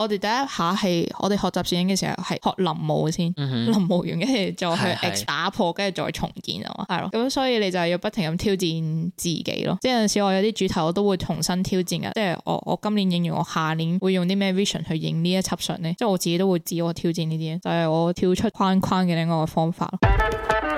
我哋第一下係我哋學習攝影嘅時候，係學臨摹先，臨摹完跟住再去打破，跟住再重建啊嘛，係咯是。咁所以你就要不停咁挑戰自己咯。即係有時我有啲主題，我都會重新挑戰嘅。即係我我今年影完，我下年會用啲咩 vision 去影呢一輯相呢？即係我自己都會自我挑戰呢啲，就係、是、我跳出框框嘅另外一個方法咯。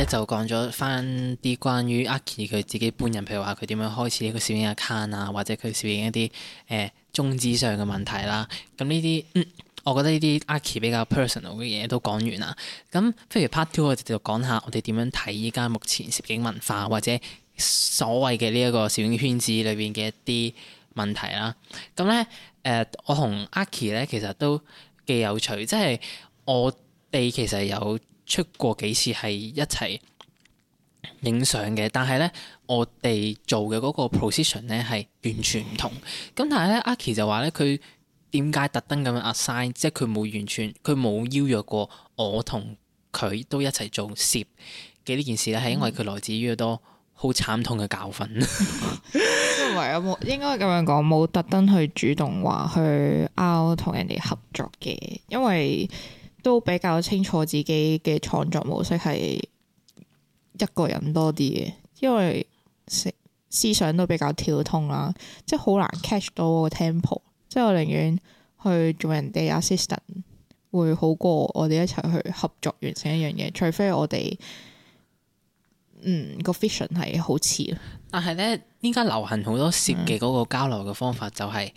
就一就講咗翻啲關於 Aki 佢自己本人，譬如話佢點樣開始呢個攝影 account 啊，或者佢攝影一啲誒宗旨上嘅問題啦。咁呢啲，嗯，我覺得呢啲 Aki 比較 personal 嘅嘢都講完啦。咁，不如 part two，我哋就講下我哋點樣睇依家目前攝影文化或者所謂嘅呢一個攝影圈子裏邊嘅一啲問題啦。咁咧，誒、呃，我同 Aki 咧其實都幾有趣，即係我哋其實有。出過幾次係一齊影相嘅，但係咧我哋做嘅嗰個 position 咧係完全唔同。咁、嗯、但係咧，Aki 就話咧，佢點解特登咁樣 assign，即係佢冇完全佢冇邀約過我同佢都一齊做攝嘅呢、嗯、件事咧，係因為佢來自於好多好慘痛嘅教訓、嗯。唔係啊，我應該咁樣講，冇特登去主動話去 out 同人哋合作嘅，因為。都比較清楚自己嘅創作模式係一個人多啲嘅，因為思想都比較跳通啦，即係好難 catch 到個 temple，即係我寧願去做人哋 assistant 會好過我哋一齊去合作完成一樣嘢，除非我哋嗯個 vision 係好似。但係呢，依家流行好多設計嗰個交流嘅方法就係、是。嗯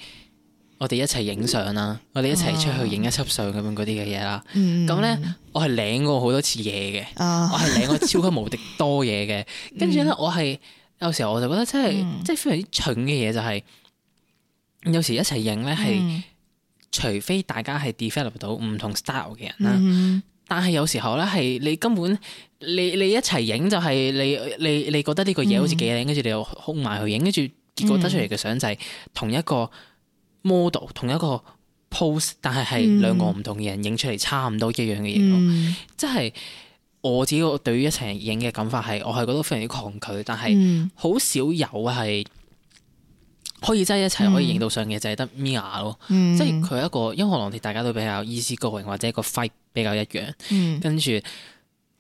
我哋一齊影相啦，我哋一齊出去影一輯相咁樣嗰啲嘅嘢啦。咁咧，我係領過好多次嘢嘅，哦、我係領過超級無敵多嘢嘅。跟住咧，我係有時候我就覺得真係，即係、嗯、非常之蠢嘅嘢就係、是，有時一齊影咧係，嗯、除非大家係 develop 到唔同 style 嘅人啦。嗯嗯，但係有時候咧係你根本你你一齊影就係你你你，你覺得呢個嘢好似幾靚，跟住、嗯、你又空埋去影，跟住結果得出嚟嘅相就係同一個。嗯 model 同一個 pose，但係係兩個唔同嘅人影、嗯、出嚟差唔多一樣嘅嘢，咯、嗯。即係我自己對於於一齊影嘅感法係我係覺得非常之抗拒，但係好少有係可以真係一齊可以影到相嘅，嗯、就係得 mia 咯，嗯、即係佢一個因為佢同大家都比較 easy going 或者一個 fight、er、比較一樣，嗯、跟住嗰、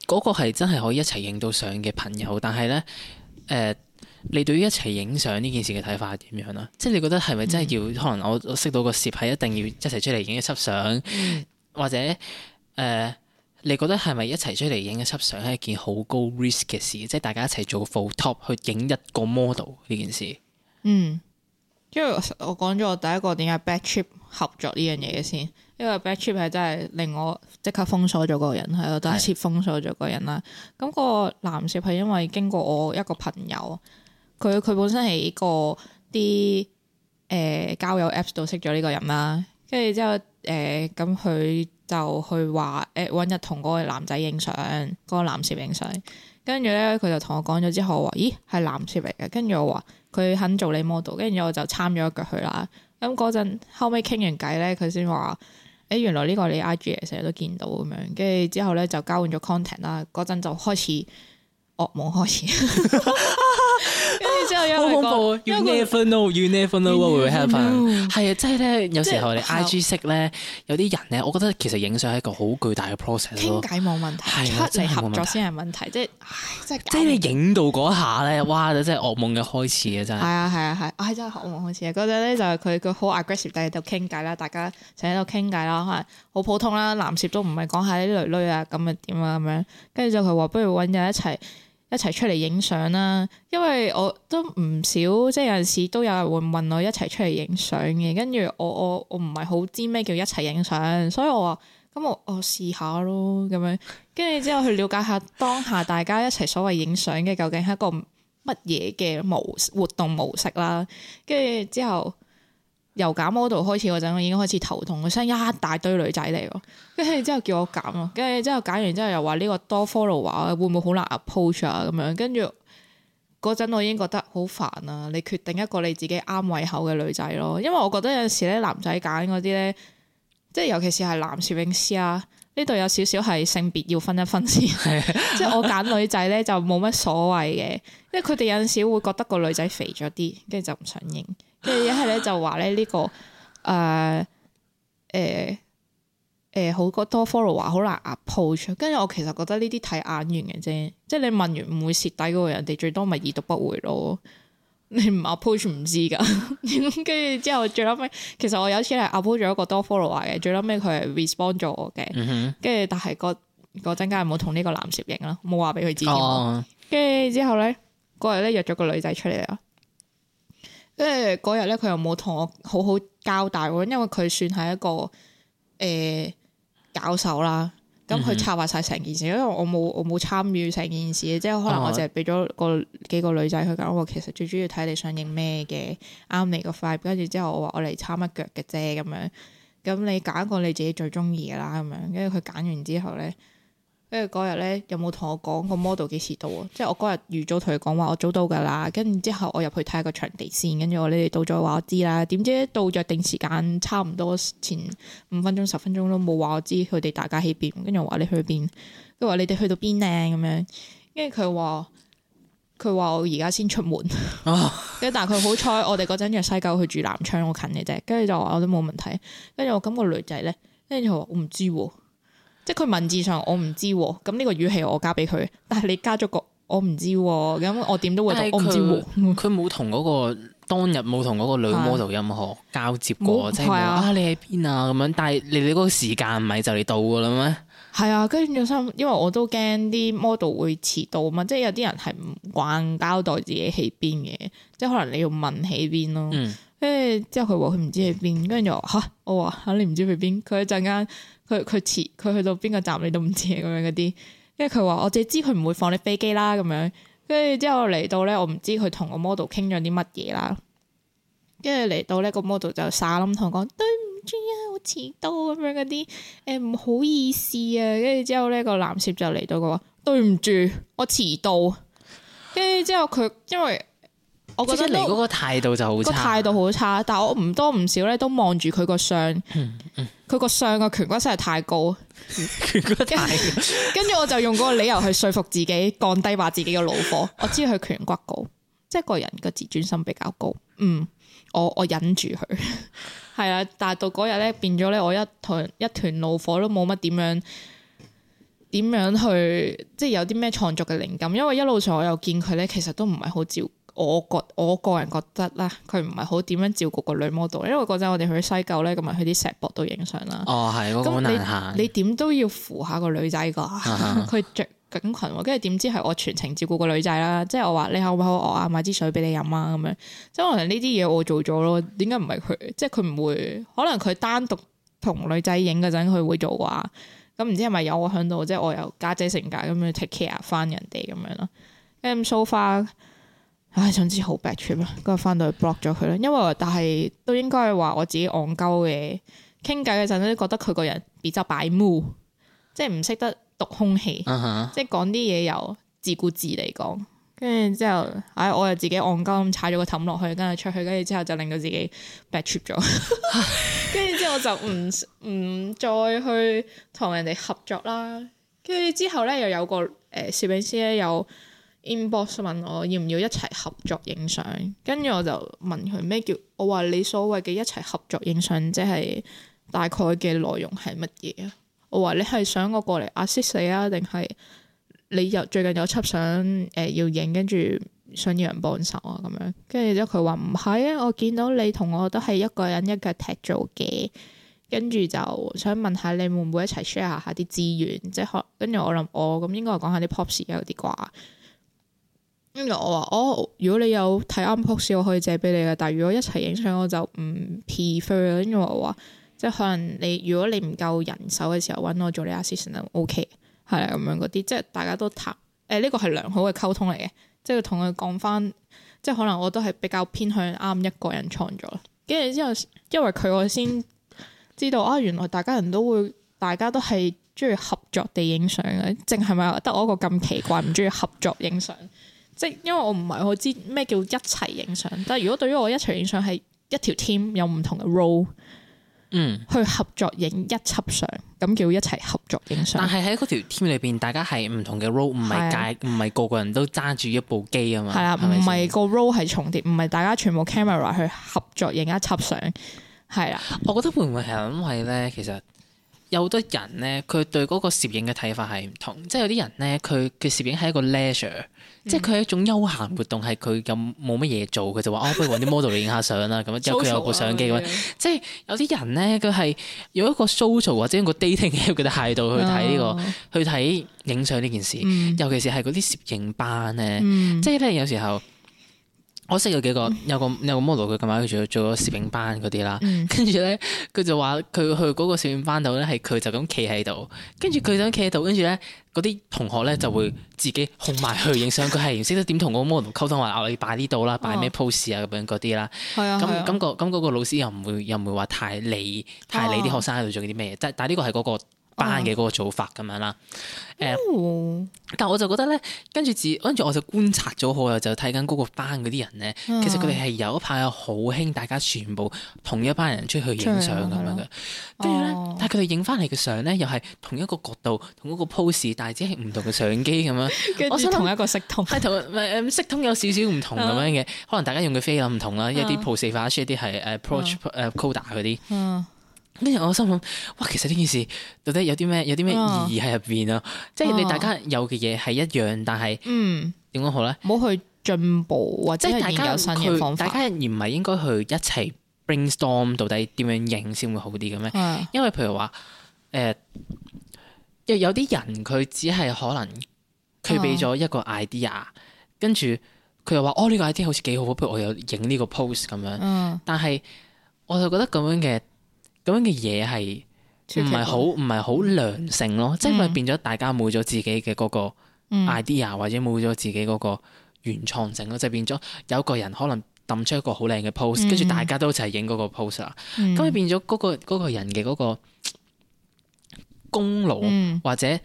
那個係真係可以一齊影到相嘅朋友，但係咧誒。呃你對於一齊影相呢件事嘅睇法係點樣啦？即係你覺得係咪真係要、嗯、可能我我識到個攝係一定要一齊出嚟影一輯相，嗯、或者誒、呃？你覺得係咪一齊出嚟影一輯相係一件好高 risk 嘅事？即係大家一齊做 full top 去影一個 model 呢件事？嗯，因為我講咗我第一個點解 bad trip 合作呢樣嘢先，因為 bad trip 係真係令我即刻封鎖咗個人係咯，我第一次封鎖咗個人啦。咁是個男攝係因為經過我一個朋友。佢佢本身係依個啲誒、呃、交友 Apps 度識咗呢個人啦，跟住之後誒咁佢就去話誒揾日同嗰個男仔影相，嗰、嗰個男攝影相，呢跟住咧佢就同我講咗之後，我話咦係男攝嚟嘅，跟住我話佢肯做你 model，跟住我就參咗一腳去啦。咁嗰陣後尾傾完偈咧，佢先話誒原來呢個你 IG 成日都見到咁樣，跟住之後咧就交換咗 content 啦，嗰陣就開始。噩夢開始，跟住之後因為，恐怖因為、那個，know, you never know, you never know，what will happen？係啊，對即係咧，有時候我你 I G 識咧，有啲人咧，我覺得其實影相係一個好巨大嘅 process 咯。傾偈冇問題，出嚟對合作先係問題，啊、問題即係即係即係你影到嗰下咧，哇！真係噩夢嘅開始啊，啊，啊，啊，真係。係啊係啊係，係真係噩夢開始啊！嗰陣咧就係佢佢好 aggressive，但係喺度傾偈啦，大家就喺度傾偈啦，可能好普通啦，男攝都唔係講下啲女女啊咁啊點啊咁樣，跟住就佢話不如搵人一齊。一齊出嚟影相啦，因為我都唔少，即係有陣時都有人會問我一齊出嚟影相嘅，跟住我我我唔係好知咩叫一齊影相，所以我話咁我我試下咯咁樣，跟住之後去了解下當下大家一齊所謂影相嘅究竟係一個乜嘢嘅模活動模式啦，跟住之後。由揀 model 開始嗰陣，我已經開始頭痛，我為一大堆女仔嚟咯。跟住 之後叫我揀咯，跟住之後揀完之後又話呢個多 follow 啊，會唔會好難 approach 啊咁樣？跟住嗰陣我已經覺得好煩啊！你決定一個你自己啱胃口嘅女仔咯，因為我覺得有陣時咧男仔揀嗰啲咧，即係尤其是係男攝影師啊，呢度有少少係性別要分一分先。即係我揀女仔咧就冇乜所謂嘅，因為佢哋有陣時會覺得個女仔肥咗啲，跟住就唔想影。跟住一係咧就話咧呢個誒誒誒好多 follower 好難 approach，跟住我其實覺得呢啲睇眼緣嘅啫，即係你問完唔會蝕底嗰個人，哋最多咪已讀不回咯。你唔 approach 唔知噶，跟 住之後最後尾，其實我有一次係 approach 咗一個多 follower 嘅，最後尾佢係 respond 咗我嘅，跟住但係嗰陣間冇同呢個男攝影啦，冇話俾佢知。哦，跟住之後咧，嗰日咧約咗個女仔出嚟啊。跟住嗰日咧，佢又冇同我好好交代，因為佢算係一個誒搞手啦，咁佢策劃晒成件事，因為我冇我冇參與成件事，即係可能我淨係俾咗個幾個女仔去搞，我其實最主要睇你想影咩嘅啱你個 fit，跟住之後我話我嚟參一腳嘅啫，咁樣，咁你揀一個你自己最中意嘅啦，咁樣，跟住佢揀完之後咧。跟住嗰日咧，有冇同我講個 model 幾時到啊？即係我嗰日預早同佢講話，我早到噶啦。跟住之後，我入去睇下個場地先。跟住我你哋到咗話我知啦。點知到約定時間差唔多前五分鐘、十分鐘都冇話我知佢哋大家喺邊。跟住我話你去邊，跟住話你哋去到邊咧咁樣。跟住佢話佢話我而家先出門。跟住但係佢好彩，我哋嗰陣約西九去住南昌，好近嘅啫。跟住就話我都冇問題。跟住我感覺女仔咧，跟住佢話我唔知喎。即係佢文字上我唔知，啊、咁，這、呢個語氣我加俾佢。但係你加咗個我唔知，啊、咁我點都會讀我唔知，啊 那個。佢冇同嗰個當日冇同嗰個女 model 任何交接過，是啊、即係啊你喺邊啊咁樣。但係你哋嗰個時間唔係就嚟到噶啦咩？係啊，跟住心，因為我都驚啲 model 會遲到啊嘛。即係有啲人係唔慣交代自己喺邊嘅，即係可能你要問喺邊咯。跟住，嗯欸，之後佢話佢唔知喺邊，跟住吓我話吓，啊、你唔知去邊。佢一陣間。佢佢遲佢去到邊個站你都唔知咁樣嗰啲。跟住佢話我只知佢唔會放你飛機啦咁樣，跟住之後嚟到咧，我唔知佢同個 model 傾咗啲乜嘢啦，跟住嚟到咧個 model 就傻冧同我講對唔住啊，我遲到咁樣嗰啲，誒、呃，唔好意思啊，跟住之後咧個男攝就嚟到個話對唔住我遲到，跟住之後佢因為。我覺得嗰個態度就好差，個態度好差。但我唔多唔少咧，都望住佢個相，佢個、嗯嗯、相嘅顴骨真係太高，跟住 我就用嗰個理由去說服自己， 降低話自己嘅怒火。我知佢顴骨高，即係個人嘅自尊心比較高。嗯，我我忍住佢係啊。但係到嗰日咧變咗咧，我一團一團怒火都冇乜點樣點樣去，即係有啲咩創作嘅靈感。因為一路上我又見佢咧，其實都唔係好照。我覺我個人覺得啦，佢唔係好點樣照顧個女 model。因為嗰陣我哋去西九咧，咁咪去啲石博度影相啦。哦，係咁，你你點都要扶下個女仔㗎。佢着緊裙，跟住點知係我全程照顧個女仔啦。即係我話你口唔口渴啊買支水俾你飲啊咁樣，即係可能呢啲嘢我做咗咯。點解唔係佢？即係佢唔會可能佢單獨同女仔影嗰陣，佢會做啊。咁唔知係咪有我響度，即係我由家姐性格咁樣 take care 翻人哋咁樣咯。咁 so far。唉，總之好 bad trip 啦，跟住翻到去 block 咗佢啦。因為但係都應該話我自己戇鳩嘅，傾偈嘅陣咧都覺得佢個人比較擺 mo，即係唔識得讀空氣，uh huh. 即係講啲嘢又自顧自嚟講。跟住之後，唉，我又自己戇鳩咁踩咗個氹落去，跟住出去，跟住之後就令到自己 bad trip 咗。跟住 之後我就唔唔再去同人哋合作啦。跟住之後咧，又有個誒攝影師咧有。Inbox 問我要唔要一齊合作影相，跟住我就問佢咩叫，我話你所謂嘅一齊合作影相，即係大概嘅內容係乜嘢啊？我話你係想我過嚟 assist 你啊，定係你又最近有輯想誒、呃、要影，跟住想要人幫手啊咁樣。跟住之後佢話唔係啊，我見到你同我都係一個人一腳踢做嘅，跟住就想問下你會唔會一齊 share 下啲資源，即係跟住我諗我咁應該講下啲 props 有、啊、啲啩。跟住我話哦，如果你有睇啱 pose，我可以借俾你㗎。但係如果一齊影相，我就唔 prefer。跟住我話，即係可能你如果你唔夠人手嘅時候，揾我做你 assistant，就 OK，係啦，咁樣嗰啲，即係大家都談。誒、欸，呢個係良好嘅溝通嚟嘅，即係同佢講返，即係可能我都係比較偏向啱一個人創作。跟住之後，因為佢我先知道啊，原來大家人都會，大家都係中意合作地影相嘅，淨係咪得我一個咁奇怪唔中意合作影相？ 因為我唔係我知咩叫一齊影相，但係如果對於我一齊影相係一條 team 有唔同嘅 role，嗯，去合作影一輯相，咁叫一齊合作影相。但係喺嗰條 team 裏邊，大家係唔同嘅 role，唔係解唔係個個人都揸住一部機啊嘛，係啦吧，唔係個 role 係重疊，唔係大家全部 camera 去合作影一輯相，係啦、啊。我覺得會唔會係因為咧，其實。有好多人咧，佢對嗰個攝影嘅睇法係唔同，即係有啲人咧，佢嘅攝影係一個 leisure、嗯、即係佢係一種休閒活動，係佢咁冇乜嘢做，佢就話：哦、 啊，不如揾啲 model 嚟影下相啦。咁樣之後佢有部相機咁樣，即係有啲人咧，佢係有一個 social 或者一個 dating app 嘅態度去睇呢、這個，哦、去睇影相呢件事，嗯、尤其是係嗰啲攝影班咧，嗯、即係咧、嗯、有時候。我識有幾個，有個有個 model 佢近排佢做做個攝影班嗰啲啦，跟住咧佢就話佢去嗰個攝影班度咧，係佢就咁企喺度，跟住佢想企喺度，跟住咧嗰啲同學咧就會自己哄埋去影相，佢係唔識得點同個 model 溝通話你擺呢度啦，擺咩 pose 啊咁樣嗰啲啦，咁咁個咁嗰個老師又唔會又唔會話太理太理啲學生喺度做啲咩，哦、但但呢個係嗰個。班嘅嗰個做法咁樣啦，誒，oh、但我就覺得咧，跟住自跟住我就觀察咗好耐，就睇緊嗰個班嗰啲人咧，oh、其實佢哋係有一派好興，大家全部同一班人出去影相咁樣嘅。跟住咧，但係佢哋影翻嚟嘅相咧，又係同一個角度，同嗰個 pose，但係只係唔同嘅相機咁樣。 接著 我想同一個色通，係同、嗯、色通有少少唔同咁樣嘅，oh、可能大家用嘅菲林唔同啦，一啲 pose 化，一啲係誒 proach 誒 coda 啲。跟住我心諗，哇！其實呢件事到底有啲咩有啲咩意義喺入邊啊？即係你大家有嘅嘢係一樣，但係點講好咧？冇去進步啊！或者即係大家有佢大家而唔係應該去一齊 brainstorm 到底點樣影先會好啲嘅咩？嗯、因為譬如話誒，又、呃、有啲人佢只係可能佢俾咗一個 idea，跟住佢又話哦呢、這個 idea 好似幾好，譬如我有影呢個 pose 咁樣。嗯、但係我就覺得咁樣嘅。咁樣嘅嘢係唔係好唔係好良性咯？即係咪變咗大家冇咗自己嘅嗰個 idea、嗯、或者冇咗自己嗰個原創性咯？就是、變咗有個人可能抌出一個好靚嘅 post，跟住、嗯、大家都一齊影嗰個 post 啦、嗯。咁咪變咗嗰個嗰個人嘅嗰個功勞、嗯、或者。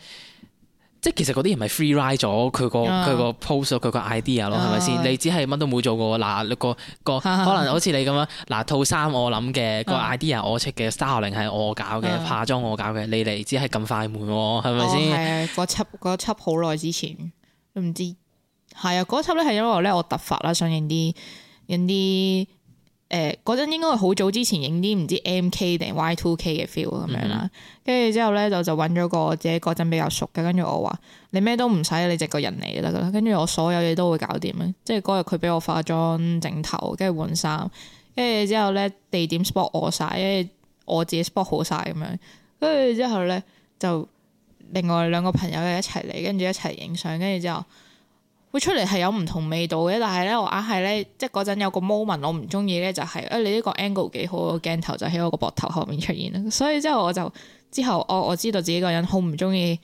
即係其實嗰啲人咪 free ride 咗佢個佢個 post 咯，佢個 idea 咯係咪先？你只係乜都冇做嘅，嗱你個，那個那個，可能好似你咁樣，嗱、啊、套衫我諗嘅，那個 idea 我出嘅，三號零係我搞嘅，化妝我搞嘅，啊，你哋只係咁快門喎，係咪先？係、哦、啊，嗰輯嗰輯好耐之前，都唔知係啊嗰輯咧係因為咧我突發啦，想應啲應啲。誒嗰陣應該係好早之前影啲唔知 MK 定 Y2K 嘅 feel 咁樣啦，跟住之後咧就就揾咗個自己嗰陣比較熟嘅，跟住我話你咩都唔使，你直個人嚟就得噶啦。跟住我所有嘢都會搞掂咧，即係嗰日佢俾我化妝整頭，跟住換衫，跟住之後咧地點 spot 我晒，跟住我自己 spot 好晒咁樣，跟住之後咧就另外兩個朋友一齊嚟，跟住一齊影相，跟住之後。會出嚟，係有唔同味道嘅，但係咧我硬係咧，即係嗰陣有個 moment 我唔中意咧，哎、就係誒你呢個 angle 幾好個鏡頭，就喺我個膊頭後面出現啦。所以之後我就之後我我知道自己個人好唔中意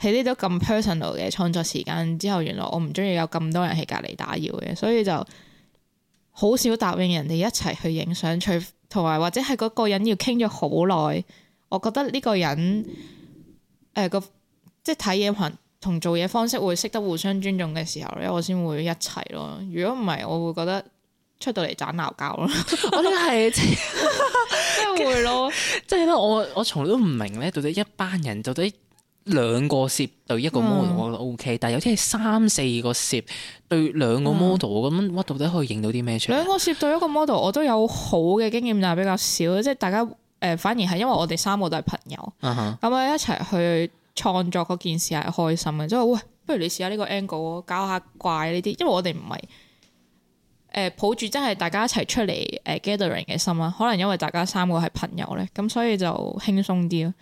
喺呢度咁 personal 嘅創作時間。之後原來我唔中意有咁多人喺隔籬打擾嘅，所以就好少答應人哋一齊去影相，除同埋或者係嗰個人要傾咗好耐。我覺得呢個人誒個、呃、即係睇嘢同做嘢方式會識得互相尊重嘅時候咧，我先會一齊咯。如果唔係，我會覺得出到嚟盞鬧交咯。我都係，即係會咯。即係咧，我我從來都唔明咧，到底一班人到底兩個攝對一個 model 我都 OK、嗯、但係有啲係三四個攝對兩個 model 咁、嗯，我到底可以影到啲咩出嚟？兩個攝對一個 model，我都有好嘅經驗，但係比較少。即係大家誒、呃，反而係因為我哋三個都係朋友，咁啊、嗯、哼一齊去。創作嗰件事係開心嘅，即係喂，不如你試下呢個 angle，搞下怪呢啲，因為我哋唔係誒抱住真係大家一齊出嚟誒 gathering 嘅心啦。可能因為大家三個係朋友咧，咁所以就輕鬆啲咯。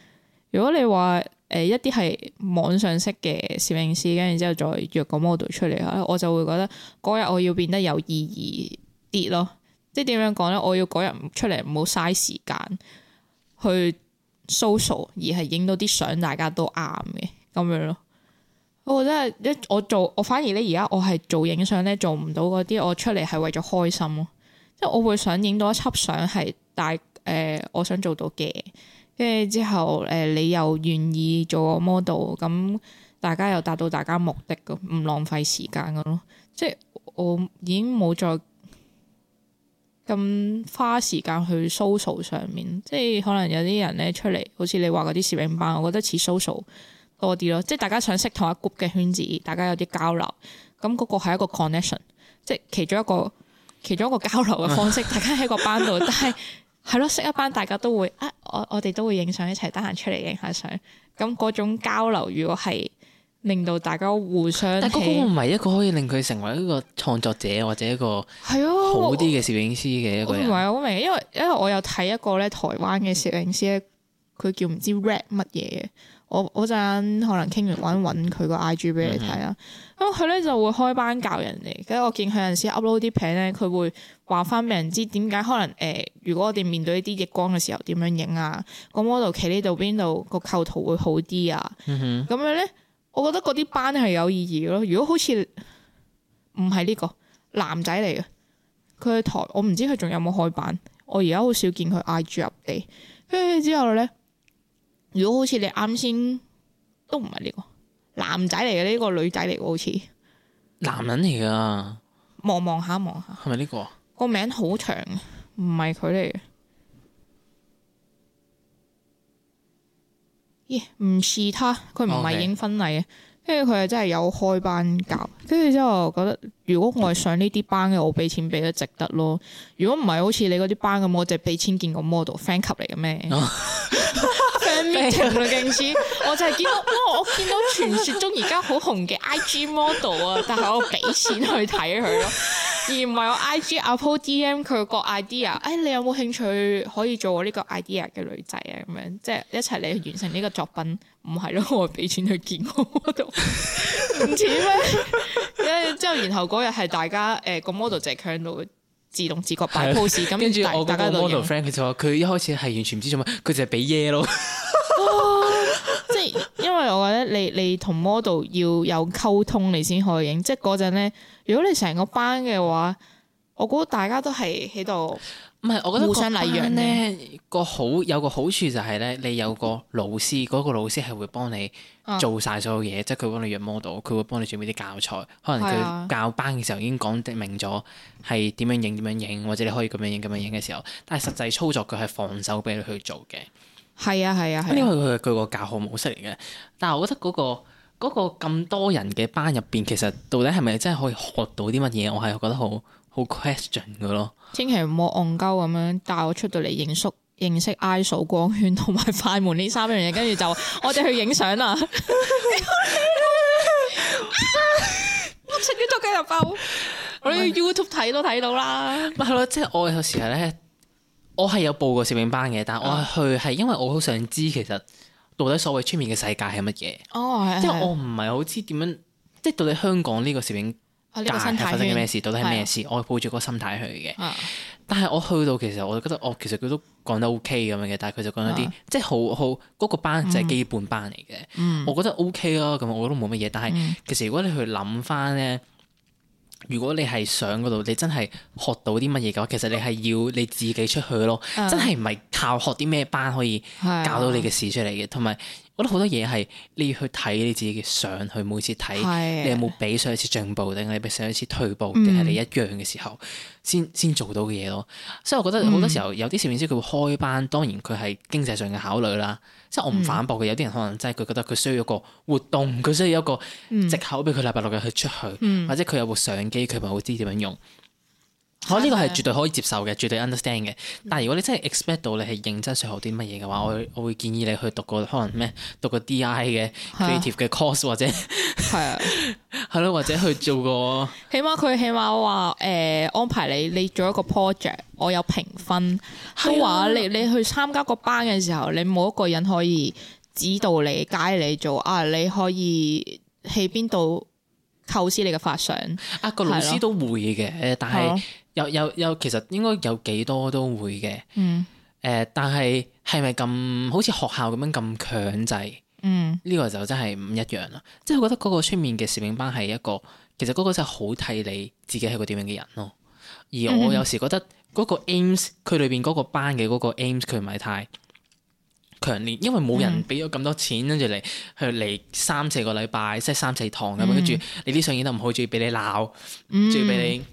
如果你話誒、呃、一啲係網上識嘅攝影師，跟住之後再約個 model 出嚟，我就會覺得嗰日我要變得有意義啲咯。即係點樣講咧？我要嗰日出嚟唔好嘥時間去 social 而係影到啲相大家都啱嘅咁樣咯。我覺得係一我做我反而咧，而家我係做影相咧，做唔到嗰啲我出嚟係為咗開心咯。即係我會想影到一輯相係大誒，我想做到嘅。跟住之後誒、呃，你又願意做 model，咁大家又達到大家目的咁，唔浪費時間咁咯。即係我已經冇再。咁花時間去 social 上面，即係可能有啲人咧，出嚟，好似你話嗰啲攝影班，我覺得似 social 多啲咯。即係大家想識同一 group 嘅圈子，大家有啲交流，咁嗰個係一個 connection，即係其中一個其中一個交流嘅方式。 大家喺個班度，但係係咯，識一班，大家都會啊，我我哋都會影相一齊，得閒出嚟影下相。咁嗰種交流，如果係令到大家互相，但嗰個唔係一個可以令佢成為一個創作者或者一個係啊好啲嘅攝影師嘅一個。我唔係，好明，因為因為我有睇一個咧台灣嘅攝影師咧，佢叫唔知 Rap 乜嘢嘅。我我陣可能傾完，我揾佢個 IG 俾你睇啊，咁佢咧就會開班教人哋。跟住我見佢陣時 upload 啲片咧，佢會話翻俾人知點解可能誒、呃，如果我哋面對一啲逆光嘅時候點樣影啊？個 model 企呢度邊度個構圖會好啲啊？咁、嗯、哼樣咧。我覺得嗰啲班係有意義嘅咯。如果好似唔係呢個男仔嚟嘅，佢台我唔知佢仲有冇開版。我而家好少見佢 IG 入嚟。之後呢，如果好似你啱先都唔係呢個男仔嚟嘅，呢個女仔嚟嘅好似男人嚟噶。望望下，望下係咪呢個？個名好長，唔係佢嚟嘅。唔似，yeah, 他，佢唔係影婚禮啊，跟住佢係真係有開班教，跟住之後我覺得如果我係上呢啲班嘅，我俾錢俾得值得咯。如果唔係好似你嗰啲班咁，我就係俾錢見個 model，fancake 嚟嘅咩？勁，我真係見到，哇！ 我見到傳說中而家好紅嘅 IG model 啊，但係我俾錢去睇佢咯。而唔係我 I G 阿 po D M 佢個 idea，哎，你有冇興趣可以做我個呢個 idea 嘅女仔啊？咁樣即係一齊嚟完成呢個作品，唔係咯？我俾錢去見個 model，唔似咩？之後， 然後嗰日係大家誒、呃、個 model 就喺度自動自覺擺 pose，咁跟住大家 model friend 佢就話佢一開始係完全唔知做乜，佢就係俾嘢咯。 即係因為我覺得你你同 model 要有溝通，你先可以影。即係嗰陣咧。如果你成個班嘅話，我估大家都係喺度，唔係，我覺得互相禮讓咧。個好有個好處就係咧，你有個老師，嗰個老師係會幫你做晒所有嘢，啊、即係佢幫你約 model 佢會幫你準備啲教材。可能佢教班嘅時候已經講明咗係點樣影，點樣影，或者你可以咁樣影，咁樣影嘅時候。但係實際操作佢係放手俾你去做嘅，係啊，係啊，因為佢係佢個教學模式嚟嘅。但係我覺得嗰個。嗰個咁多人嘅班入邊，其實到底係咪真係可以學到啲乜嘢？我係覺得好好 question 嘅咯。千祈唔好戇鳩咁樣帶我出到嚟認識認識 ISO 光圈同埋快門呢三樣嘢，跟住就我哋去影相啦！我成日都繼續包，我喺 YouTube 睇都睇到啦。咪係咯，即係我有時候咧，我係有報過攝影班嘅，但係我係去係因為我好想知其實。到底所謂出面嘅世界係乜嘢？Oh, yes, yes. 即係我唔係好知點樣，即係到底香港呢個攝影界、啊這個、發生啲咩事？到底係咩事？的我係抱住個心態去嘅。Uh. 但係我去到其實我就覺得，哦，其實佢都講得 OK 咁樣嘅。但係佢就講咗啲即係好好嗰、嗰個班就係基本班嚟嘅、um. OK 啊。我覺得 OK 咯，咁我都冇乜嘢。但係其實如果你去諗翻咧。Uh. 嗯如果你係上嗰度，你真係學到啲乜嘢嘅話，其實你係要你自己出去咯，嗯、真係唔係靠學啲咩班可以教到你嘅事出嚟嘅，同埋。我覺得好多嘢係你要去睇你自己嘅相，去每次睇你有冇比上一次進步，定係比上一次退步，定係你一樣嘅時候，先先做到嘅嘢咯。所以，我覺得好多時候有啲攝影師佢會開班，當然佢係經濟上嘅考慮啦。即係我唔反駁嘅，有啲人可能真係佢覺得佢需要一個活動，佢需要一個藉口俾佢禮拜六日去出去，或者佢有部相機，佢唔係好知點樣用。我呢、哦這個係絕對可以接受嘅，絕對 understand 嘅。但係如果你真係 expect 到你係認真想學啲乜嘢嘅話，我我會建議你去讀個可能咩，讀個 D.I 嘅 creative 嘅 course 或者係啊，係咯的， 或者去做個 起碼佢起碼話誒安排你你做一個 project，我有評分，都話你你去參加個班嘅時候，你冇一個人可以指導你、教你做啊，你可以喺邊度構思你嘅發想啊，嗰個老師都會嘅，的但係是。嗯有有有，其實應該有幾多都會嘅。嗯。誒、呃，但係係咪咁？好似學校咁樣咁強制？嗯。呢個就真係唔一樣啦。即、就、係、是、我覺得嗰個出面嘅攝影班係一個，其實嗰個真係好睇你自己係個點樣嘅人咯。而我有時覺得嗰個 aims 佢裏邊嗰個班嘅嗰個 aims 佢唔係太強烈，因為冇人俾咗咁多錢跟住嚟去嚟三四個禮拜，即係三四堂咁樣，跟住、嗯、你啲相影得唔好，仲要俾你鬧，仲、嗯、要俾你。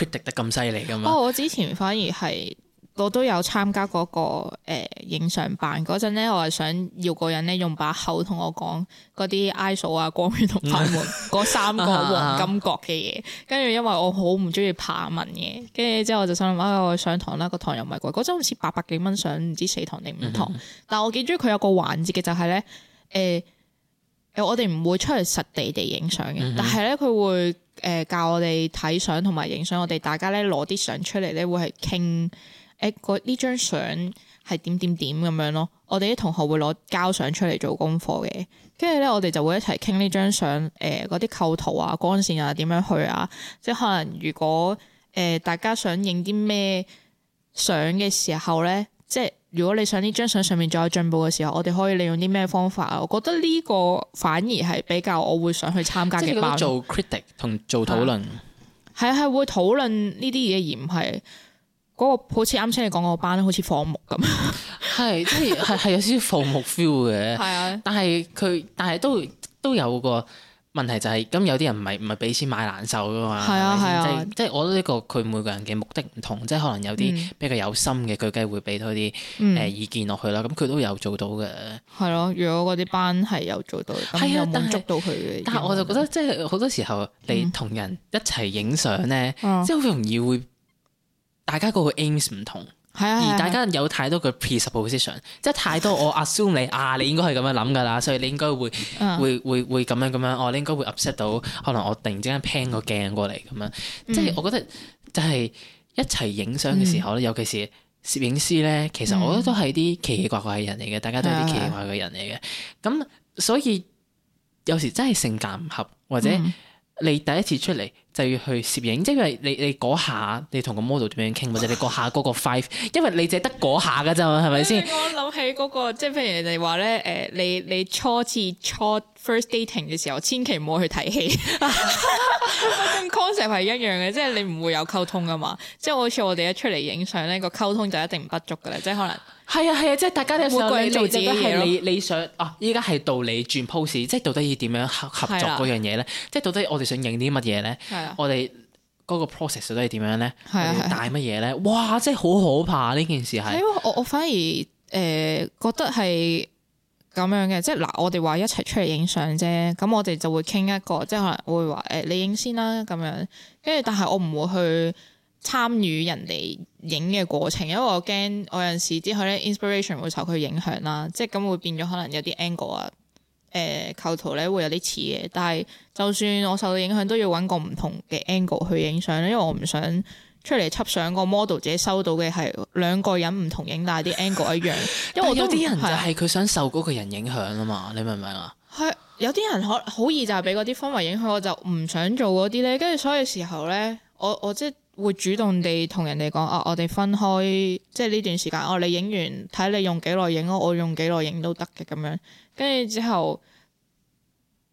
決定得咁犀利噶嘛？不過、啊、我之前反而係我都有參加嗰個影相班，嗰陣咧我係想要個人咧用把口同我講嗰啲 ISO 啊、IS o，光圈同快門嗰 三個黃金角嘅嘢。跟住 因為我好唔中意爬文嘅，跟住之後我就想諗啊、呃，我上堂啦，個堂又唔係貴，嗰陣好似八百幾蚊上唔知四堂定五堂。嗯、哼但係我幾中意佢有個環節嘅就係咧誒誒，我哋唔會出去實地地影相嘅，但係咧佢會。誒、呃，教我哋睇相同埋影相，我哋大家咧攞啲相出嚟咧，會係傾誒，嗰、欸、呢張相係點點點咁樣咯。我哋啲同學會攞交相出嚟做功課嘅，跟住咧我哋就會一齊傾呢張相誒，嗰、呃、啲構圖啊、光線啊點樣去啊，即係可能如果誒、呃、大家想影啲咩相嘅時候咧，即係。如果你想呢張相上面再有進步嘅時候，我哋可以利用啲咩方法啊？我覺得呢個反而係比較我會想去參加嘅班。即係佢做 critic 同做討論的，係係會討論呢啲嘢，而唔係嗰個好似啱先你講嗰個班，好似放牧咁。係 即係係係有少少放牧 feel 嘅。係啊 的，但係佢但係都都有個。問題就係、係，咁有啲人唔係唔係俾錢買難受噶嘛、啊，即啊，即係我呢、呢個佢每個人嘅目的唔同，即係可能有啲比較有心嘅，佢梗係會俾多啲誒意見落去啦。咁佢都有做到嘅。係咯、啊，如果嗰啲班係有做到，咁有冇捉到佢？嘅、啊。但係我就覺得，即係好多時候你同人一齊影相咧，嗯、即係好容易會大家個 aims 唔同。係啊，而大家有太多嘅 presupposition， 即係太多我 assume 你啊，你應該係咁樣諗噶啦，所以你應該會 會會會咁樣咁樣，我、哦、應該會 upset 到可能我突然之間 pan 個鏡過嚟咁樣，即係我覺得就係一齊影相嘅時候咧， 尤其是攝影師咧，其實我覺得都係啲奇奇怪怪嘅人嚟嘅， 大家都係啲奇奇怪怪嘅人嚟嘅，咁 所以有時真係性格唔合或者。 你第一次出嚟就要去攝影，因為你你嗰下你同個 model 點樣傾，或者你嗰下嗰個 five，因為你隻得嗰下噶啫，係咪先？我諗起嗰個即係譬如你話咧，誒，呃，你你初次初 first dating 嘅時候，千祈唔好去睇戲。concept 係一樣嘅，即係你唔會有溝通噶嘛。即係好似我哋一出嚟影相咧，個溝通就一定不足㗎喇，即係可能。係啊，係啊，即係、啊、大家嘅時候，你做自己嘢，你你想啊，依家，係到你轉 pose，即係到底要點樣合合作嗰樣嘢咧？啊、即係到底我哋想影啲乜嘢咧？我哋嗰個 process 到底係點樣咧？帶乜嘢咧？哇！即係好可怕呢件事係。我我反而誒、呃、覺得係咁樣嘅，即係嗱，我哋話一齊出嚟影相啫，咁我哋就會傾一個，即係可能我會話誒、呃、你影先啦咁樣，跟住但係我唔會去，參與人哋影嘅過程，因為我驚我有陣時之後咧，inspiration 會受佢影響啦，即係咁會變咗可能有啲 angle 啊，誒、呃、構圖咧會有啲似嘅，但係就算我受到影響，都要揾個唔同嘅 angle 去影相咧，因為我唔想出嚟輯相個 model 自己收到嘅係兩個人唔同影，但係啲 angle 一樣。因為我 但有啲人就係佢想受嗰個人影響啊嘛，你明唔明啊？係有啲人可好易就係俾嗰啲氛圍影響，我就唔想做嗰啲咧。跟住所以時候咧，我我，我即會主動地同人哋講哦，我哋分開即係呢段時間，啊，我你影完睇你用幾耐影，我我用幾耐影都得嘅，咁樣。跟住之後，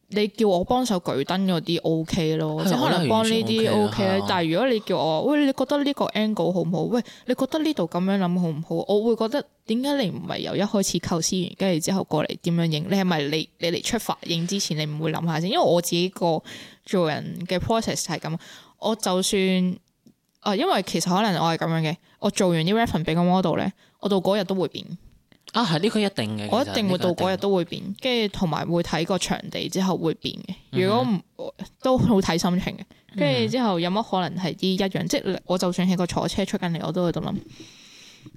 你叫我幫手舉燈嗰啲 O K 咯，即可能幫呢啲 O K。但係如果你叫我喂，你覺得呢個 angle 好唔好？喂，你覺得呢度咁樣諗好唔好？我會覺得點解你唔係由一開始構思完，跟住之後過嚟點樣影？你係咪你你嚟出發影之前，你唔會諗下先？因為我自己個做人嘅 process 係咁，我就算。啊，因為其實可能我係咁樣嘅，我做完啲 reference 俾個 model 咧，我到嗰日都會變啊。係呢個一定嘅，我一定會到嗰日都會變。跟住同埋會睇個場地之後會變嘅，如果唔，mm hmm. 都好睇心情嘅。跟住之後有乜可能係啲一樣，mm hmm. 即係我就算喺個坐車出緊嚟，我都喺度諗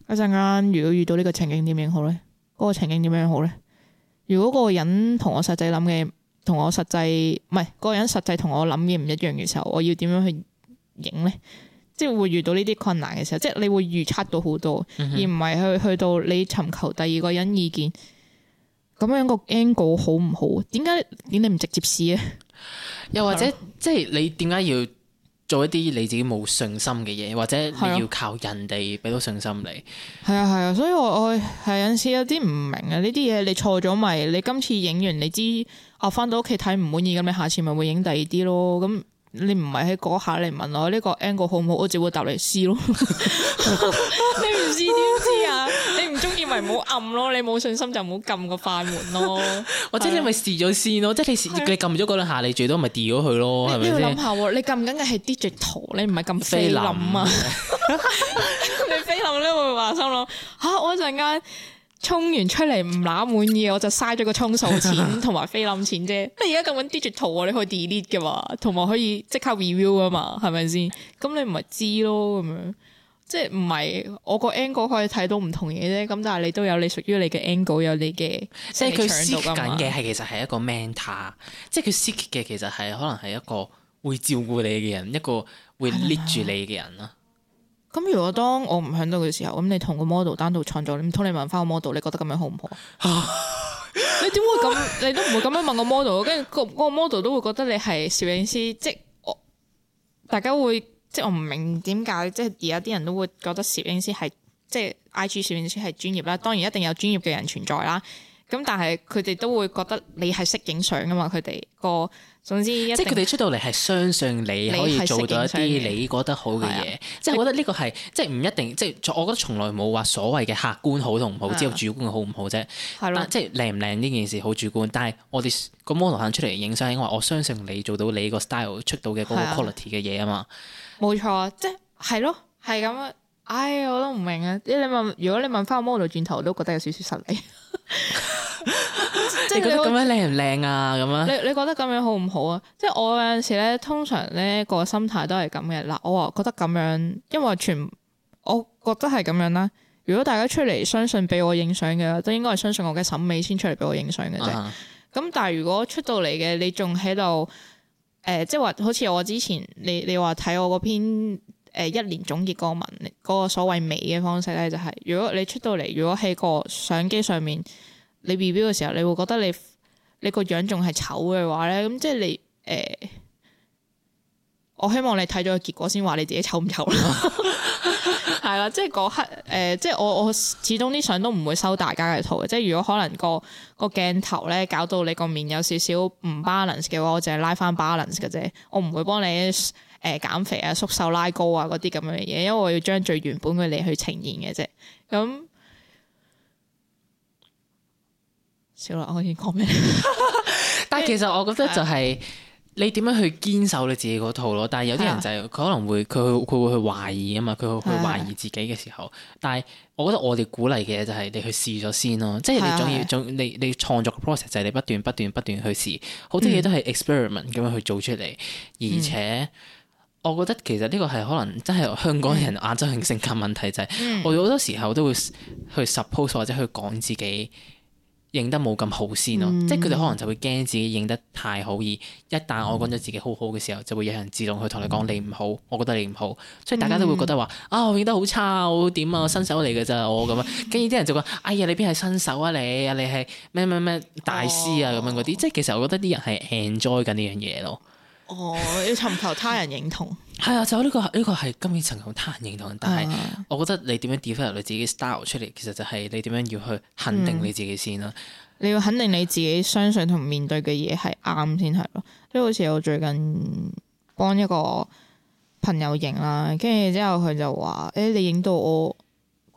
一陣間。如果遇到呢個情景點樣好咧？嗰、嗰個情景點樣好咧？如果嗰個人同我實際諗嘅，同我實際唔係嗰個人實際同我諗嘅唔一樣嘅時候，我要點樣去影咧？即係會遇到呢啲困難嘅時候，即係你會預測到好多，嗯、哼而唔係去去到你尋求第二個人意見，咁樣個 angle 好唔好？點解點你唔直接試啊？又或者即係、就是、你點解要做一啲你自己冇信心嘅嘢，或者你要靠人哋俾到信心你？係啊係啊，所以我我係有陣時有啲唔明啊，呢啲嘢你錯咗咪？你今次影完你知，啊翻到屋企睇唔滿意，咁你下次咪會影第二啲咯？咁。你唔係喺嗰下嚟問我呢個 angle 好唔好，我只會答你試咯 你試。你唔知點知啊？你唔中意咪唔好暗咯，你冇信心就唔好撳個快門咯。或者你咪試咗先咯，即係你你撳咗嗰兩下，你最多咪掉咗佢咯，你，吧你要諗下，你撳緊嘅係 digital，你唔係咁菲林啊。y 你菲林咧會話心諗，吓、啊、我一陣間。沖完出嚟唔乸滿意，我就嘥咗個沖數錢同埋菲林錢啫。你而家咁樣 digital，你可以 delete 噶嘛，同埋可以即刻 review 啊嘛，係咪先？咁你咪知咯咁樣。即係唔係我個 angle 可以睇到唔同嘢啫。咁但係你都有你屬於你嘅 angle，有你嘅。即係佢 seek 緊嘅係其實係一個 mentor，即係佢 seek 嘅其實係可能係一個會照顧你嘅人，一個會 lead 住你嘅人啦。咁如果當我唔喺度嘅時候，咁你同個 model 單獨創作，唔通你問翻個 model，你覺得咁樣好唔好？ 你點會咁？你都唔會咁樣問個 model，跟住個嗰個 model 都會覺得你係攝影師，即係我大家會即係我唔明點解，即係而家啲人都會覺得攝影師係即係 I G 攝影師係專業啦。當然一定有專業嘅人存在啦。咁但係佢哋都會覺得你係識影相噶嘛，佢哋個。總之，即係佢哋出到嚟係相信你可以做到一啲你覺得好嘅嘢，即係、就是就是、我覺得呢個係即係唔一定，即係我覺得從來冇話所謂嘅客觀好同唔好，只有的主觀嘅好唔好啫。係咯的，即係靚唔靚呢件事好主觀，但係我哋個 model 行出嚟影相，因為我相信你做到你個 style 出到嘅嗰個 quality 嘅嘢啊嘛。冇錯，即係咯，係咁啊。唉，我都唔明啊！即係你問，如果你問翻個 model 轉頭，都覺得有少少失禮。 即係你，你覺得咁樣靚唔靚啊？咁啊？ 你你覺得咁樣好唔好啊？即係我有陣時咧，通常咧個心態都係咁嘅。嗱，我話覺得咁樣，因為全我覺得係咁樣啦。如果大家出嚟相信俾我影相嘅，都應該係相信我嘅審美先出嚟俾我影相嘅啫。咁、uh huh. 但係如果出到嚟嘅，你仲喺度誒，即係話好似我之前，你你話睇我嗰篇。誒、呃、一年總結嗰個文嗰、那個所謂美嘅方式咧，就係、是、如果你出到嚟，如果喺個相機上面你 b b 嘅時候，你會覺得你你個樣仲係醜嘅話咧，咁即係你誒、呃，我希望你睇咗個結果先話你自己醜唔醜啦。係啦，即係嗰刻誒、呃，即係我我始終啲相都唔會收大家嘅圖嘅，即係如果可能、那個個鏡頭咧搞到你個面有少少唔 balance 嘅話，我淨係拉翻 balance 嘅啫，我唔會幫你。誒，呃、減肥啊，縮瘦拉高啊，嗰啲咁樣嘅嘢，因為我要將最原本嘅你去呈現嘅啫。咁，小樂，可以講咩？但係其實我覺得就係你點樣去堅守你自己嗰套咯。但係有啲人就係佢可能會佢會佢會，會去懷疑啊嘛。佢會去懷疑自己嘅時候，是的 但係我覺得我哋鼓勵嘅就係你去試咗先咯。即係你仲要，是的 要你你創作嘅 process 就係你不斷不斷不斷去試，好多嘢都係 experiment 咁樣去做出嚟，嗯、而且。嗯我覺得其實呢個係可能真係香港人亞洲係性格問題，就係我好多時候都會去 suppose 或者去講自己影得冇咁好先咯、嗯。即係佢哋可能就會驚自己影得太好，而一旦我講咗自己好好嘅時候，就會有人自動去同你講你唔好。嗯、我覺得你唔好，所以大家都會覺得話、嗯、啊，我影得好差，我點啊，我新手嚟嘅咋，我咁啊？跟住啲人就話：哎呀，你邊係新手啊？你啊，你係咩咩咩大師啊？咁樣嗰啲，即係其實我覺得啲人係 enjoy 緊呢樣嘢咯。 哦，要尋求他人認同，係啊，就呢、是呢個呢、呢個係今年尋求他人認同，但係我覺得你點樣 develop 你自己 style 出嚟，其實就係你點樣要去肯定你自己先啦。 你要肯定你自己，相信同面對嘅嘢係啱先係咯。即、嗯、係 好似我最近幫一個朋友影啦，跟住之後佢就話：誒你影到我。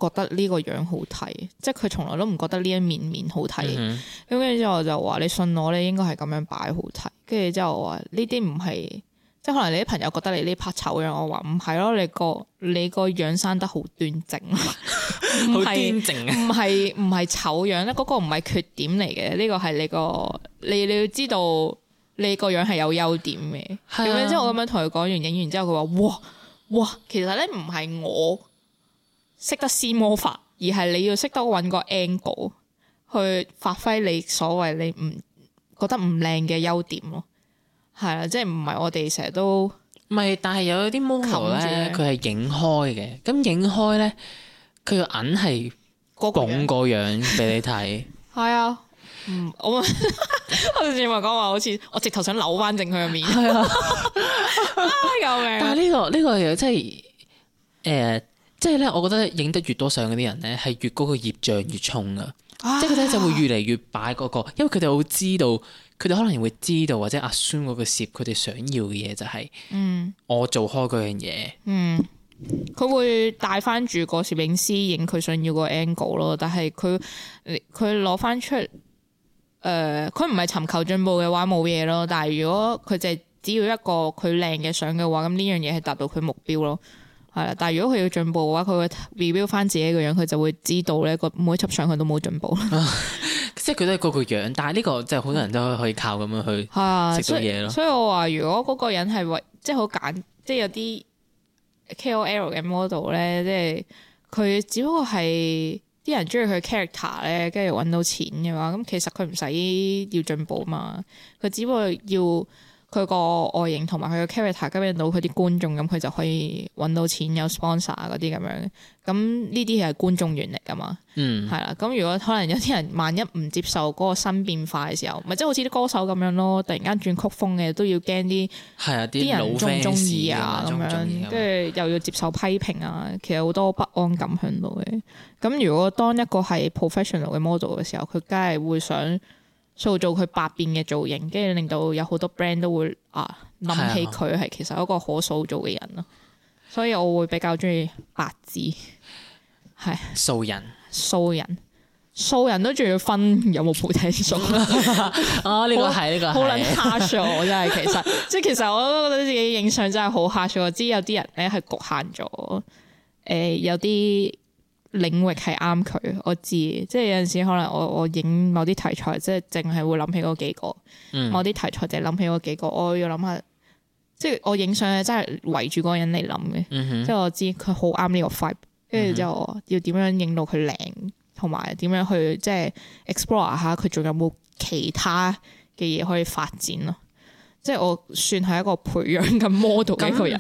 覺得呢個樣好睇，即係佢從來都唔覺得呢一面面好睇。咁跟住之後我就話：你信我咧，你應該係咁樣擺好睇。跟住之後我話：呢啲唔係，即係可能你啲朋友覺得你呢拍 a r 醜樣。我話唔係咯，你個你個樣生得好端正，好端 是 正，唔係唔係醜樣咧。嗰、那個唔係缺點嚟嘅，呢、這個係你個你你要知道你，你個、啊、樣係有優點嘅。咁樣之後我咁樣同佢講完影完之後，佢話：哇哇，其實咧唔係我，識得施魔法，而係你要識得揾個 angle 去發揮你所謂你唔覺得唔靚嘅優點咯。係啊，即係唔係我哋成日都唔係，但係有啲 model 咧，佢係影開嘅。咁影開咧，佢個眼係個樣個樣俾你睇。係啊，唔我我之前話講話好似我直頭想扭翻正佢嘅面。啊救命！但係呢個呢個嘢真係誒。即係咧，我覺得影得越多相嗰啲人咧，係越高個業障越重啊！即係佢哋就會越嚟越擺嗰個，因為佢哋好知道，佢哋可能會知道或者 assume 嗰個攝佢哋想要嘅嘢就係，我做開嗰樣嘢。嗯，佢會帶翻住個攝影師影佢想要個 angle 咯，呃，但係佢佢攞翻出，誒，佢唔係尋求進步嘅話冇嘢咯。但係如果佢就係只要一個佢靚嘅相嘅話，咁呢樣嘢係達到佢目標咯。係啦，但係如果佢要進步嘅話，佢會 review 翻自己嘅樣，佢就會知道咧，個每一輯相佢都冇進步啦 、啊。即係佢都係嗰個樣，但係呢個就係好多人都可以靠咁樣去食到嘢咯。所以我話如果嗰個人係為即係好簡，即係有啲 KOL 嘅 model 咧，即係佢只不過係啲人中意佢 character 咧，跟住揾到錢嘅話，咁其實佢唔使要進步嘛，佢只不過要。佢個外形同埋佢個 character 吸引到佢啲觀眾，咁佢就可以揾到錢，有 sponsor 嗰啲咁樣。咁呢啲係觀眾緣嚟噶嘛？嗯，係啦。咁如果可能有啲人萬一唔接受嗰個新變化嘅時候，咪即係好似啲歌手咁樣咯，突然間轉曲風嘅都要驚啲，係啊啲老 fans 啊，中唔中意啊咁樣，跟住又要接受批評啊，其實好多不安感喺度嘅。咁如果當一個係 professional 嘅 model 嘅時候，佢梗係會想。塑造佢百變嘅造型，跟住令到有好多 brand 都會啊諗起佢，係其實一個可塑造嘅人咯。啊、所以我會比較中意白字係人，素人素人素人都仲要分有冇菩提樹啊？呢、這個係呢很個好撚 harsh 真係其實即係 其實我都覺得自己影相真係好 harsh 我知有啲人咧係局限咗誒，有啲。領域係啱佢，我知。即係有陣時可能我我影某啲題材，即係淨係會諗起嗰幾個。嗯、某啲題材淨係諗起嗰幾個，我要諗下，即係我影相係真係圍住嗰個人嚟諗嘅。嗯、哼即係我知佢好啱呢個 vibe，i 跟住之後我要點樣影到佢靚，同埋點樣去即係 explore 下佢仲有冇其他嘅嘢可以發展咯。即係我算係一個培養緊 model 嘅一個人。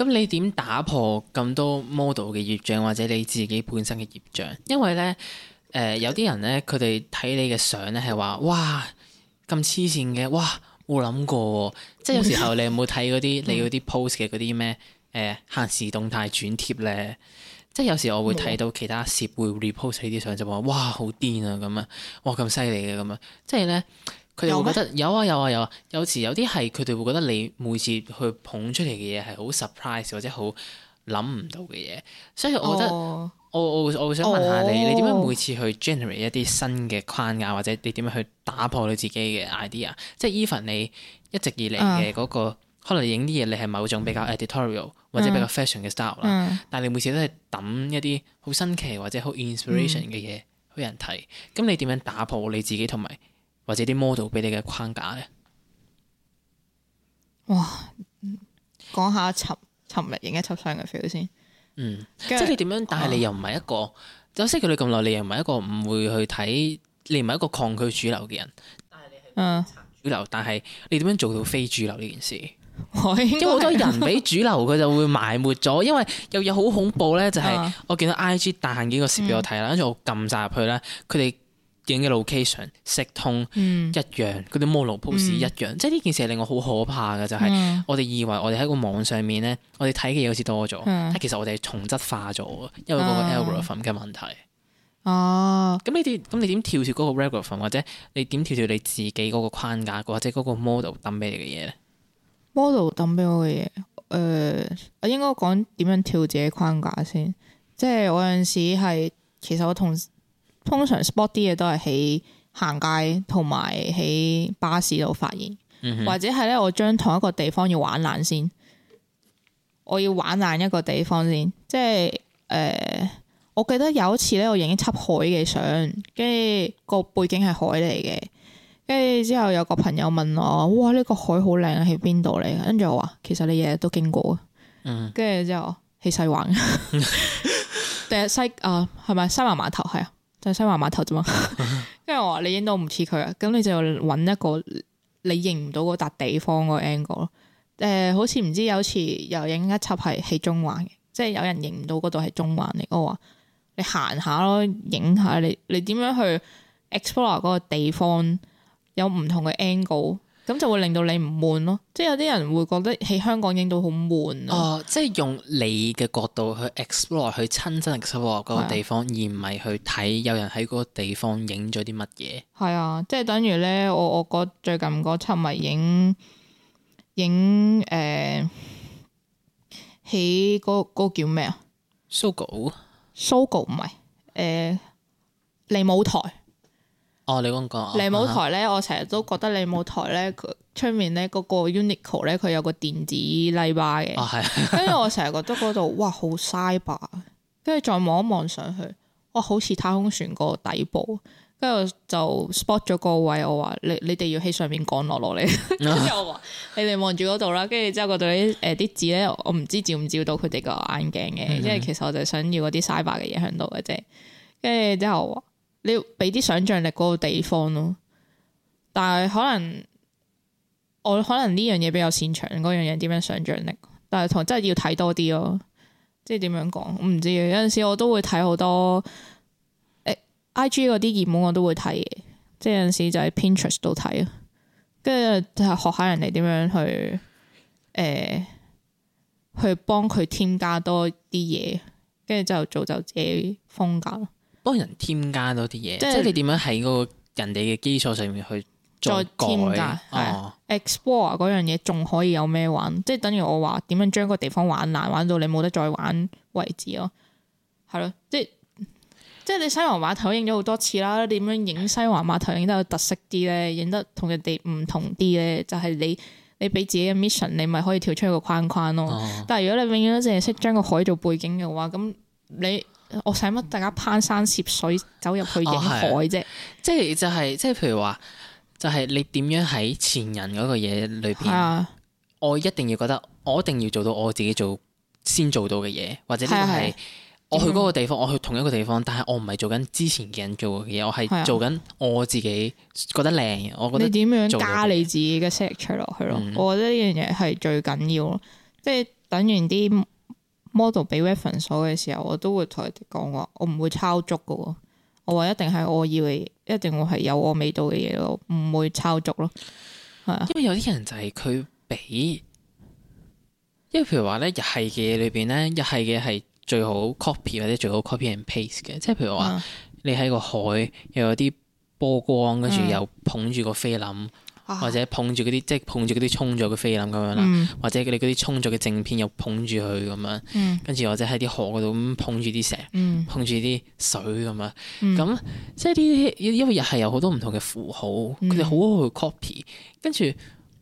咁你點打破咁多 model 嘅業障，或者你自己本身嘅業障？因為咧，誒、呃、有啲人咧，佢哋睇你嘅相咧係話，哇咁黐線嘅，哇冇諗過喎！即係有時候你有冇睇嗰啲你嗰啲 post 嘅嗰啲咩誒限時動態轉貼咧？即係有時我會睇到其他攝會 repost 呢啲相，就話哇好癲啊咁啊，哇咁犀利嘅咁啊！即係咧。佢哋會覺得有，嗎有啊有啊有啊，有時有啲係佢哋會覺得你每次去捧出嚟嘅嘢係好 surprise 或者好諗唔到嘅嘢，所以我覺得、哦、我我我會想問下你，哦、你點樣每次去 generate 一啲新嘅框架，或者你點樣去打破你自己嘅 idea？即係 even 你一直以嚟嘅嗰個，嗯、可能影啲嘢你係某種比較 editorial、嗯、或者比較 fashion 嘅 style 啦、嗯，但係你每次都係揼一啲好新奇或者好 inspiration 嘅嘢俾、嗯、人睇，咁你點樣打破你自己同埋？或者啲 model 俾你嘅框架咧，哇！講下尋尋日影一輯相嘅 feel 先。嗯，即係你點樣？啊、但係你又唔係一個，就識咗你咁耐，你又唔係一個唔會去睇，你唔係一個抗拒主流嘅人。但係你係主流，啊、但係你點樣做到非主流呢件事？因為好多人俾主流，佢就會埋沒咗。 因為又有好恐怖咧、就係，就係、啊、我見到 IG 彈幾個帖俾我睇啦，跟住我撳晒入去咧，佢哋、嗯。影嘅 location 色調一樣，嗰啲 model pose 一樣，嗯、即係呢件事係令我好可怕嘅，嗯、就係我哋以為我哋喺個網上面咧，我哋睇嘅嘢好似多咗，嗯、但其實我哋係重質化咗，因為嗰個 algorithm 嘅問題。哦、啊，咁、啊、你點？咁你點跳脱嗰個 algorithm，或者你點跳脱你自己嗰個框架，或者嗰個 mod model dump 俾你嘅嘢咧？model dump 俾我嘅嘢，誒、呃，我應該講點樣跳自己框架先？即係我陣時係其實我同。通常 spot 啲嘢都係喺行街同埋喺巴士度發現，嗯、哼或者係咧，我將同一個地方要玩爛先，我要玩爛一個地方先。即係誒、呃，我記得有一次咧，我影一輯海嘅相，跟住個背景係海嚟嘅，跟住之後有個朋友問我：哇，呢、這個海好靚啊，喺邊度嚟？跟住我話：其實你日日都經過。跟住之後，喺西環，定 係西啊？係咪西環碼頭？係啊。就西環碼頭啫嘛，跟住 我話你影到唔似佢啊，咁你就揾一個你認唔到嗰笪地方個 angle 咯。誒、呃，好似唔知有次又影一輯係喺中環，即係有人認唔到嗰度係中環嚟。我話你行下咯，影下你你點樣去 explore 嗰個地方，有唔同嘅 angle。咁就會令到你唔悶咯，即係有啲人會覺得喺香港影到好悶哦。即係用你嘅角度去 explore，去親身 explore 嗰個地方，是啊、而唔係去睇有人喺嗰個地方影咗啲乜嘢。係啊，即係等於呢，我我覺得最近嗰輯咪影影誒喺嗰嗰叫咩啊？Sogo，Sogo 唔係誒嚟舞台。哦，你講講，你、huh. 舞台咧，我成日都覺得利舞台咧，出面咧嗰個 Uniqlo 咧，佢有個電子禮花嘅，跟住、oh, yeah. 我成日覺得嗰度哇好 cyber，跟住再望一望上去，哇好似太空船個底部，跟住就 spot 咗個位，我話你你哋要喺上面降落落嚟，跟住 我話你哋望住嗰度啦，跟住之後嗰度啲誒啲字咧，我唔知照唔照，照到佢哋個眼鏡嘅，因為、mm hmm. 其實我就想要嗰啲 cyber 嘅嘢喺度嘅啫，跟住之後。你要俾啲想象力嗰個地方咯，但係可能我可能呢樣嘢，比較擅長嗰樣嘢，點樣想象力？但係同真係要睇多啲咯，即係點樣講？我唔知有陣時我都會睇好多，IG 嗰啲熱門我都會睇嘅，即係有陣時就喺 Pinterest 度睇，跟住就係學下人哋點樣去，誒、呃，去幫佢添加多啲嘢，跟住之後做就自己風格咯。幫人添加多啲嘢，即係是你點樣喺嗰個人哋嘅基礎上面去再，再添加 Explore 嗰、哦、的樣嘢仲可以有咩玩？即係等於我話點樣將個地方玩難玩到你冇得再玩為止咯。係咯，即係即係你西環碼頭影咗好多次啦。點樣影西環碼頭影得有特色啲咧？影得同人哋唔同啲咧？就係、是、你你俾自己嘅 mission，你咪可以跳出一個框框咯。哦、但係如果你永遠都淨係識將個海做背景嘅話，咁你。我使乜大家攀山涉水走入去影海啫？即係、哦、就係即係，譬如話，就係、是、你點樣喺前人嗰個嘢裏邊，是的 我一定要覺得，我一定要做到我自己做先做到嘅嘢，或者呢個係我去嗰個地方，我去同一個地方，但係我唔係做緊之前嘅人做嘅嘢，我係做緊我自己覺得靚嘅。的我覺得你點樣加你自己嘅色彩落去咯？嗯、我覺得呢樣嘢係最緊要咯。即係等完啲。model 俾 reference 嘅時候，我都會同佢哋講話，我唔會抄足嘅。我話一定係我以為，一定會係有我味道嘅嘢咯，唔會抄足咯。係啊，因為有啲人就係佢俾，因為譬如話咧日系嘅嘢裏邊咧，日係嘅係最好 copy 或者最好 copy and paste 嘅，即係譬如話你喺個海又、嗯、有啲波光，跟住又捧住個菲林。嗯或者碰住嗰啲，即係碰住啲沖咗嘅菲林咁樣啦，嗯、或者佢哋嗰啲沖咗嘅正片又碰住佢咁樣，跟住、嗯、或者喺啲河嗰度咁碰住啲石，碰住啲水咁啊。咁、嗯、即係啲，因為又係有好多唔同嘅符號，佢哋好好去 copy、嗯。跟住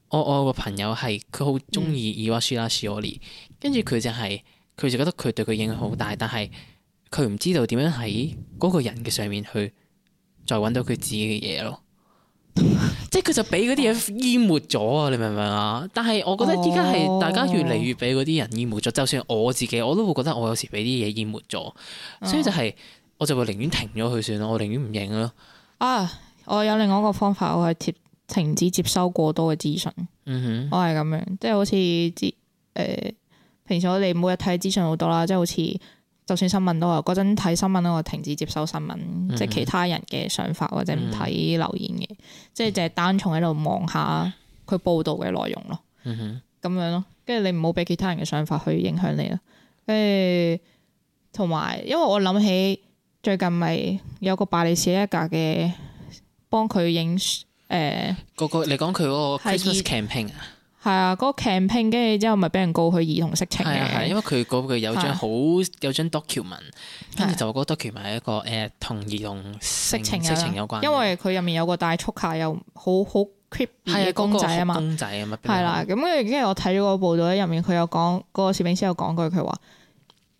我我有個朋友係佢好中意《以娃、嗯·舒拉斯奧尼》，跟住佢就係佢就覺得佢對佢影響好大，但係佢唔知道點樣喺嗰個人嘅上面去再揾到佢自己嘅嘢咯。 即係佢就俾嗰啲嘢淹沒咗啊！你明唔明啊？但係我覺得依家係大家越嚟越俾嗰啲人淹沒咗。哦、就算我自己，我都會覺得我有時俾啲嘢淹沒咗，哦、所以就係我就會寧願停咗佢算咯。我寧願唔影咯啊！我有另外一個方法，我係貼停止接收過多嘅資訊。嗯哼，我係咁樣，即係好似資誒平時我哋每日睇資訊好多啦，即係好似。就算新聞都我嗰陣睇新聞咧，我停止接收新聞，嗯、哼即係其他人嘅想法或者唔睇留言嘅，嗯、哼即係就係單從喺度望下佢報道嘅內容咯，咁、嗯、哼樣咯，跟住你唔好俾其他人嘅想法去影響你啦。跟住同埋，因為我諗起最近咪有個百里史一格嘅幫佢影誒，呃、個個嚟講佢嗰個 Christmas camping 啊。係啊，嗰個 campaign 跟住之後咪俾人告佢兒童色情嘅，因為佢嗰個有張好有張 document，跟住就嗰個 document 係一個誒同兒童色情、色情有關，因為佢入面有個大速卡又好好 creepy 嘅公仔啊嘛，公仔啊嘛，係啦，咁跟住我睇咗個報道，喺入面佢有講嗰個攝影師有講句，佢話。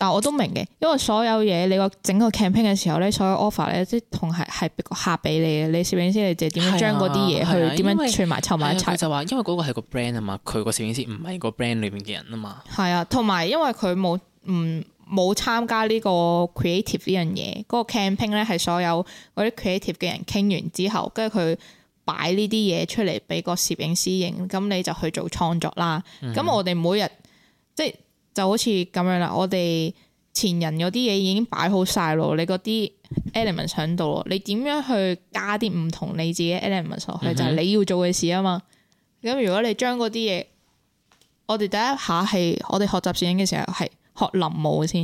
但我都明嘅，因為所有嘢你個整個 campaign 嘅時候咧，所有 offer 咧，即同係係俾個客俾你嘅。你攝影師，你就點樣將嗰啲嘢去點樣串埋湊埋一齊？啊、就話因為嗰個係個 brand 啊嘛，佢個攝影師唔係個 brand 裏面嘅人啊嘛。係啊，同埋因為佢冇唔冇參加呢個 creative 呢樣嘢，嗰、嗰個 campaign 咧係所有嗰啲 creative 嘅人傾完之後，跟住佢擺呢啲嘢出嚟俾個攝影師影，咁你就去做創作啦。咁、嗯、哼我哋每日即係。就好似咁樣啦，我哋前人嗰啲嘢已經擺好晒咯，你嗰啲 element 上到你點樣去加啲唔同你自己 elements 落去就係、是、你要做嘅事啊嘛。咁、嗯、哼如果你將嗰啲嘢，我哋第一下係我哋學習攝影嘅時候係學臨摹先，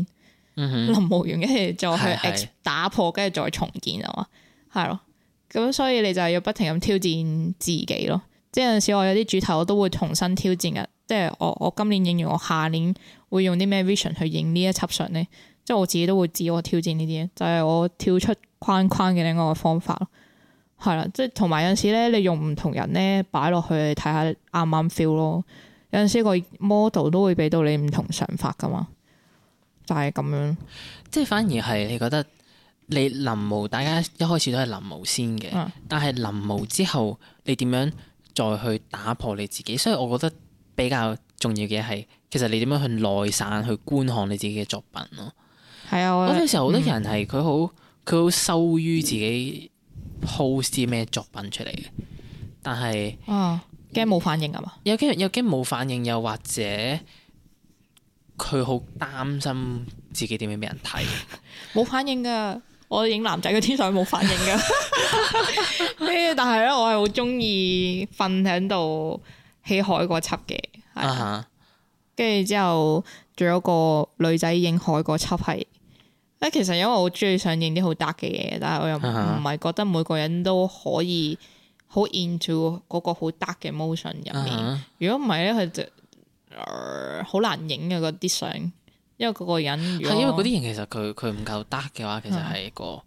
臨摹、嗯、哼完跟住再去 ex，打破跟住再重建啊嘛，係咯。咁所以你就要不停咁挑戰自己咯。即係有陣時我有啲主題我都會重新挑戰嘅。即係我，我今年影完，我下年會用啲咩 vision 去影呢一輯相咧？即係我自己都會自我挑戰呢啲嘢，就係我跳出框框嘅另外一個方法咯。係啦，即係同埋有陣時咧，你用唔同人咧擺落去睇下啱唔啱 feel 咯。有陣時個 model 都會俾到你唔同想法噶嘛，就係咁樣。即係反而係你覺得你臨摹，大家一開始都係臨摹先嘅。啊、但係臨摹之後你點樣再去打破你自己？所以我覺得。比較重要嘅係，其實你點樣去內散去觀看你自己嘅作品咯。係啊，我，我覺得有啲時候好多人係佢好佢好羞於自己 post 啲咩作品出嚟嘅，但係驚冇反應啊嘛，有驚有驚冇反應，又或者佢好擔心自己點樣俾人睇，冇 反應噶我影男仔嗰啲相冇反應噶， 但係咧我係好中意瞓喺度，起海嗰輯嘅，跟住之後仲有個女仔影海嗰輯係咧，其實因為我好中意想影啲好 dark 嘅嘢，但係我又唔係覺得每個人都可以好 into 嗰個好 dark 嘅 emotion 入面，如果唔係咧佢就，好、呃、難影嘅嗰啲相，因為嗰個人如果，係、uh huh. 因為嗰啲人其實佢佢唔夠 dark 嘅話，其實係一、那個。Uh huh.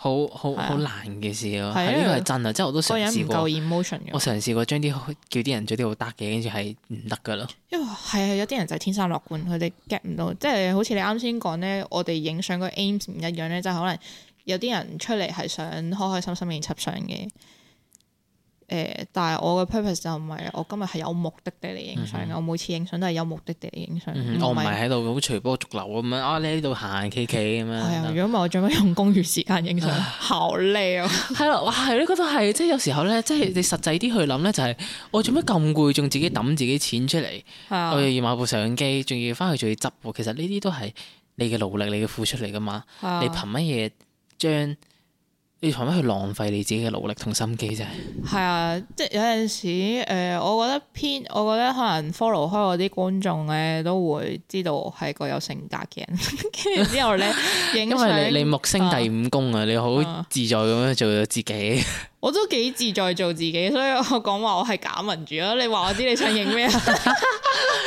好好好難嘅事咯，係呢個係真啊！即係我都嘗試過。個人唔夠 emotion 嘅。我嘗試過將啲叫啲人做啲好得嘅，跟住係唔得嘅咯。因為係啊，有啲人就天生樂觀，佢哋 get 唔到。即係好似你啱先講咧，我哋影相個 aims 唔一樣咧，就係、是、可能有啲人出嚟係想開開心心影輯相嘅。誒、呃，但係我嘅 purpose 就唔係，我今日係有目的地嚟影相嘅。嗯、哼我每次影相都係有目的地嚟影相。嗯、哼我唔係喺度好隨波逐流咁樣啊！你喺度行行企企咁樣。係 啊，如果唔係我做咩用公餘時間影相？唉好靚啊！係咯、 啊，哇！係呢、呢個都係，即係有時候咧，即係你實際啲去諗咧，就係、是、我做乜咁攰，仲自己揼自己錢出嚟，嗯、我又要買部相機，仲要翻去仲要執。其實呢啲都係你嘅努力，你嘅付出嚟噶嘛？你憑乜嘢將？你做乜去浪費你自己嘅努力同心機啫？係啊，即係有陣時，誒、呃，我覺得偏，我覺得可能 follow 開我啲觀眾咧，都會知道我係個有性格嘅人。跟 住之後咧，影因為你你木星第五宮啊，你好自在咁樣做咗自己。 我都幾自在做自己，所以我講話我係假民主咯。你話我知你想影咩啊？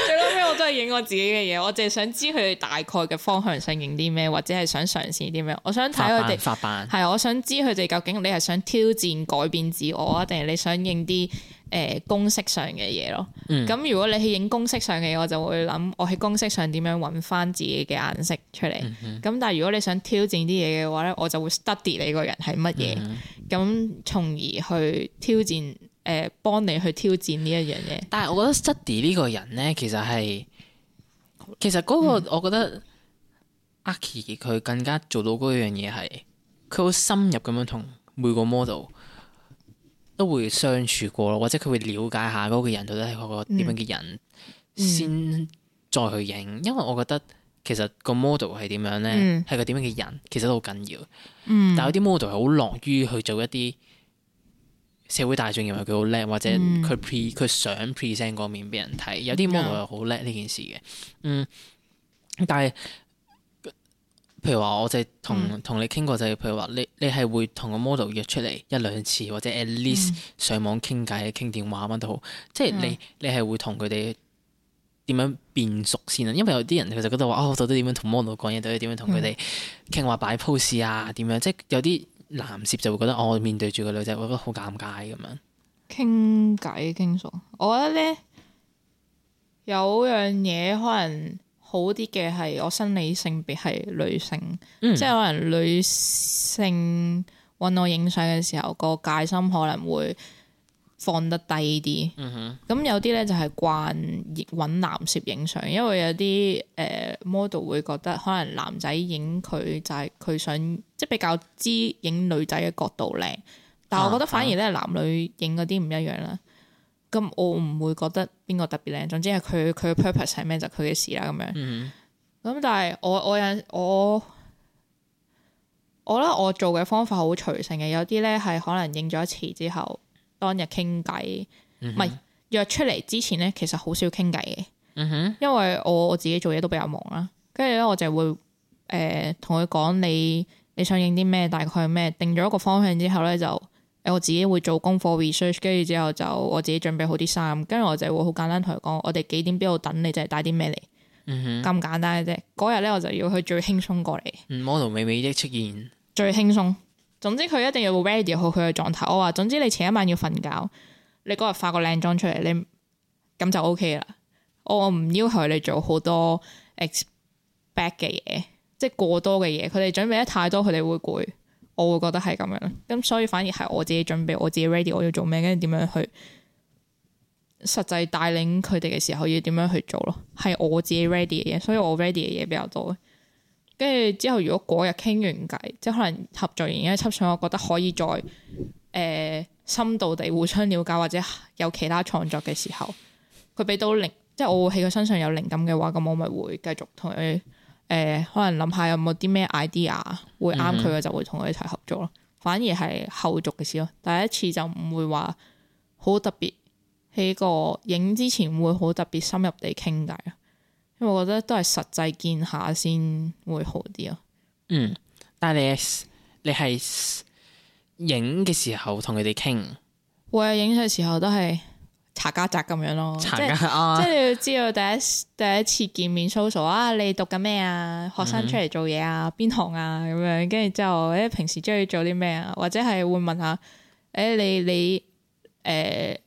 最尾我都係影我自己嘅嘢，我淨係想知佢哋大概嘅方向想影啲咩，或者係想嘗試啲咩。我想睇佢哋發辦，係我想知佢哋究竟你係想挑戰改變自我啊，定係你想影啲？誒、呃、公式上嘅嘢咯，咁、嗯、如果你係影公式上嘅，我就會諗我喺公式上點樣揾翻自己嘅顏色出嚟。咁、嗯嗯、但係如果你想挑戰啲嘢嘅話呢，我就會 study 你個人係乜嘢，咁、嗯嗯、從而去挑戰，誒、呃、幫你去挑戰呢一樣嘢。但係我覺得 study 呢個人呢，其實係其實嗰個我覺得 Aki 佢更加做到嗰樣嘢係，佢好深入咁樣同每個 model。都會相處過咯，或者佢會了解下嗰個人到底係個點樣嘅人，嗯嗯、先再去影。因為我覺得其實個 model 係點樣咧，係、嗯、個點樣嘅人，其實都好緊要。嗯、但係有啲 model 係好樂於去做一啲社會大眾認為佢好叻，或者佢佢 pre、嗯、想 present 嗰面俾人睇。有啲 model 係好叻呢件事嘅，嗯，但係。譬如話，我就係同同你傾過就係，譬如話你你係會同個 model 約出嚟一兩次，或者 at least 上網傾偈傾電話乜都好，即係你你係會同佢哋點樣變熟先啊？因為有啲人佢就覺得話哦到底點樣同 model 講嘢，到底點樣同佢哋傾話擺 pose 啊？點樣？即係有啲男攝就會覺得哦我面對住個女仔，我覺得好尷尬咁樣。傾偈傾熟，我覺得咧有樣嘢可能。好啲嘅係我生理性別係女性，嗯、即係可能女性揾我影相嘅時候，個戒心可能會放得低啲。咁、嗯、哼有啲咧就係、是、慣揾男攝影相，因為有啲誒 model 會覺得可能男仔影佢就係佢想即係、就是、比較知影女仔嘅角度靚，但係我覺得反而咧男女影嗰啲唔一樣啦。啊啊咁我唔會覺得邊個特別靚，總之係佢佢 purpose 係咩就佢、是、嘅事啦咁樣。咁、嗯、哼但係我我有我我覺得我做嘅方法好隨性嘅，有啲咧係可能影咗一次之後，當日傾偈，唔係、嗯、哼約出嚟之前咧，其實好少傾偈嘅。嗯、哼因為我我自己做嘢都比較忙啦、呃，跟住咧我就會誒同佢講你你想影啲咩，大概係咩，定咗一個方向之後咧就。我自己會做功課 research，跟住之後就我自己準備好啲衫，跟住我就會好簡單同佢講，我哋幾點邊度等你，就係帶啲咩嚟，咁簡單嘅啫。嗰日咧我就要去最輕鬆過嚟，model、嗯、美美的出現，最輕鬆。總之佢一定要 ready 好佢嘅狀態。我話總之你前一晚要瞓覺，你嗰日化個靚妝出嚟，你咁就 OK 啦。我唔要求你做好多 expect 嘅嘢，即係過多嘅嘢，佢哋準備得太多，佢哋會攰。我會覺得係咁樣，咁、嗯、所以反而係我自己準備，我自己 ready 我要做咩，跟住點樣去實際帶領佢哋嘅時候要點樣去做咯，係我自己 ready 嘅嘢，所以我 ready 嘅嘢比較多。跟住之後，後如果嗰日傾完偈，即係可能合作完一輯相，我覺得可以再誒、呃、深度地互相了解或者有其他創作嘅時候，佢俾到靈，即係我會喺佢身上有靈感嘅話，咁我咪會繼續同佢。誒、呃，可能諗下有冇啲咩 idea 會啱佢嘅，就會同佢一齊合作咯。嗯、哼反而係後續嘅事咯。第一次就唔會話好特別喺個影之前會好特別深入地傾偈，因為我覺得都係實際見下先會好啲咯。嗯，但係你係影嘅時候同佢哋傾，會係影嘅時候都係。查家宅咁樣咯，家即係、啊、即係你要知道第一第一次見面，social 啊，你讀緊咩啊？學生出嚟做嘢啊，邊、嗯、行啊？咁樣，跟住之後誒、欸，平時中意做啲咩啊？或者係會問下誒、欸，你你誒、呃，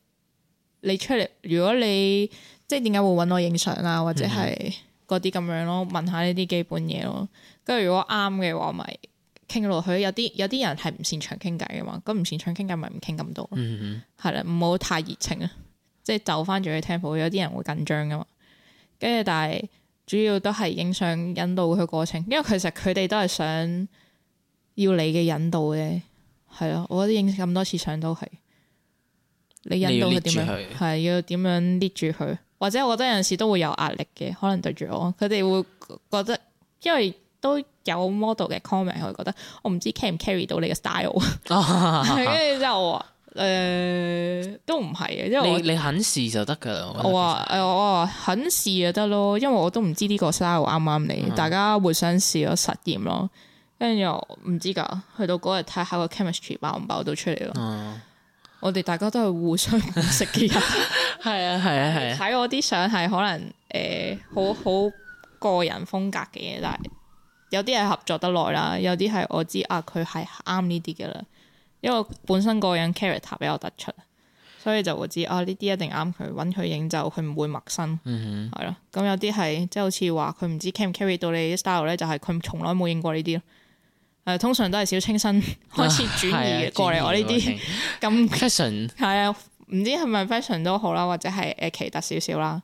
你出嚟，如果你即係點解會搵我影相啊？或者係嗰啲咁樣咯，問下呢啲基本嘢咯。跟住如果啱嘅話，咪傾落去。有啲有啲人係唔擅長傾偈嘅嘛，咁唔擅長傾偈咪唔傾咁多。嗯哼，係啦、嗯，唔好太熱情啊。即係就翻住去 temple，有啲人會緊張噶嘛，跟住但係主要都係影相引導佢過程，因為其實佢哋都係想要你嘅引導嘅，係咯，我覺得影咁多次相都係你引導佢點樣，係要點樣捏住佢，或者我覺得有陣時都會有壓力嘅，可能對住我，佢哋會覺得因為都有 model 嘅 comment，佢覺得我唔知 carry 唔 carry 到你嘅 style，跟住之後啊。誒，都唔係啊，因為你你肯試就得噶啦。我話誒，我話肯試就得咯，因為我都唔知呢個 style 啱唔啱你。大家互相試咯，實驗咯，跟住又唔知噶，去到嗰日睇下個 chemistry 爆唔爆到出嚟咯。我哋大家都係互相識嘅人，係啊係啊係啊。睇我啲相係可能誒，好好個人風格嘅嘢，但係有啲係合作得耐啦，有啲係我知啊，佢係啱呢啲嘅啦。因為本身個人 character 比較突出，所以就會知啊，呢啲一定啱佢，揾佢影就佢唔會陌生，係咯、嗯哼。咁有啲係即係好似話佢唔知 can carry 到你 style 咧，就係佢從來冇影過呢啲咯。誒，通常都係小清新、啊、開始轉移過嚟我呢啲咁 fashion，係啊，唔知係咪 fashion 都好啦，或者係誒奇特少少啦，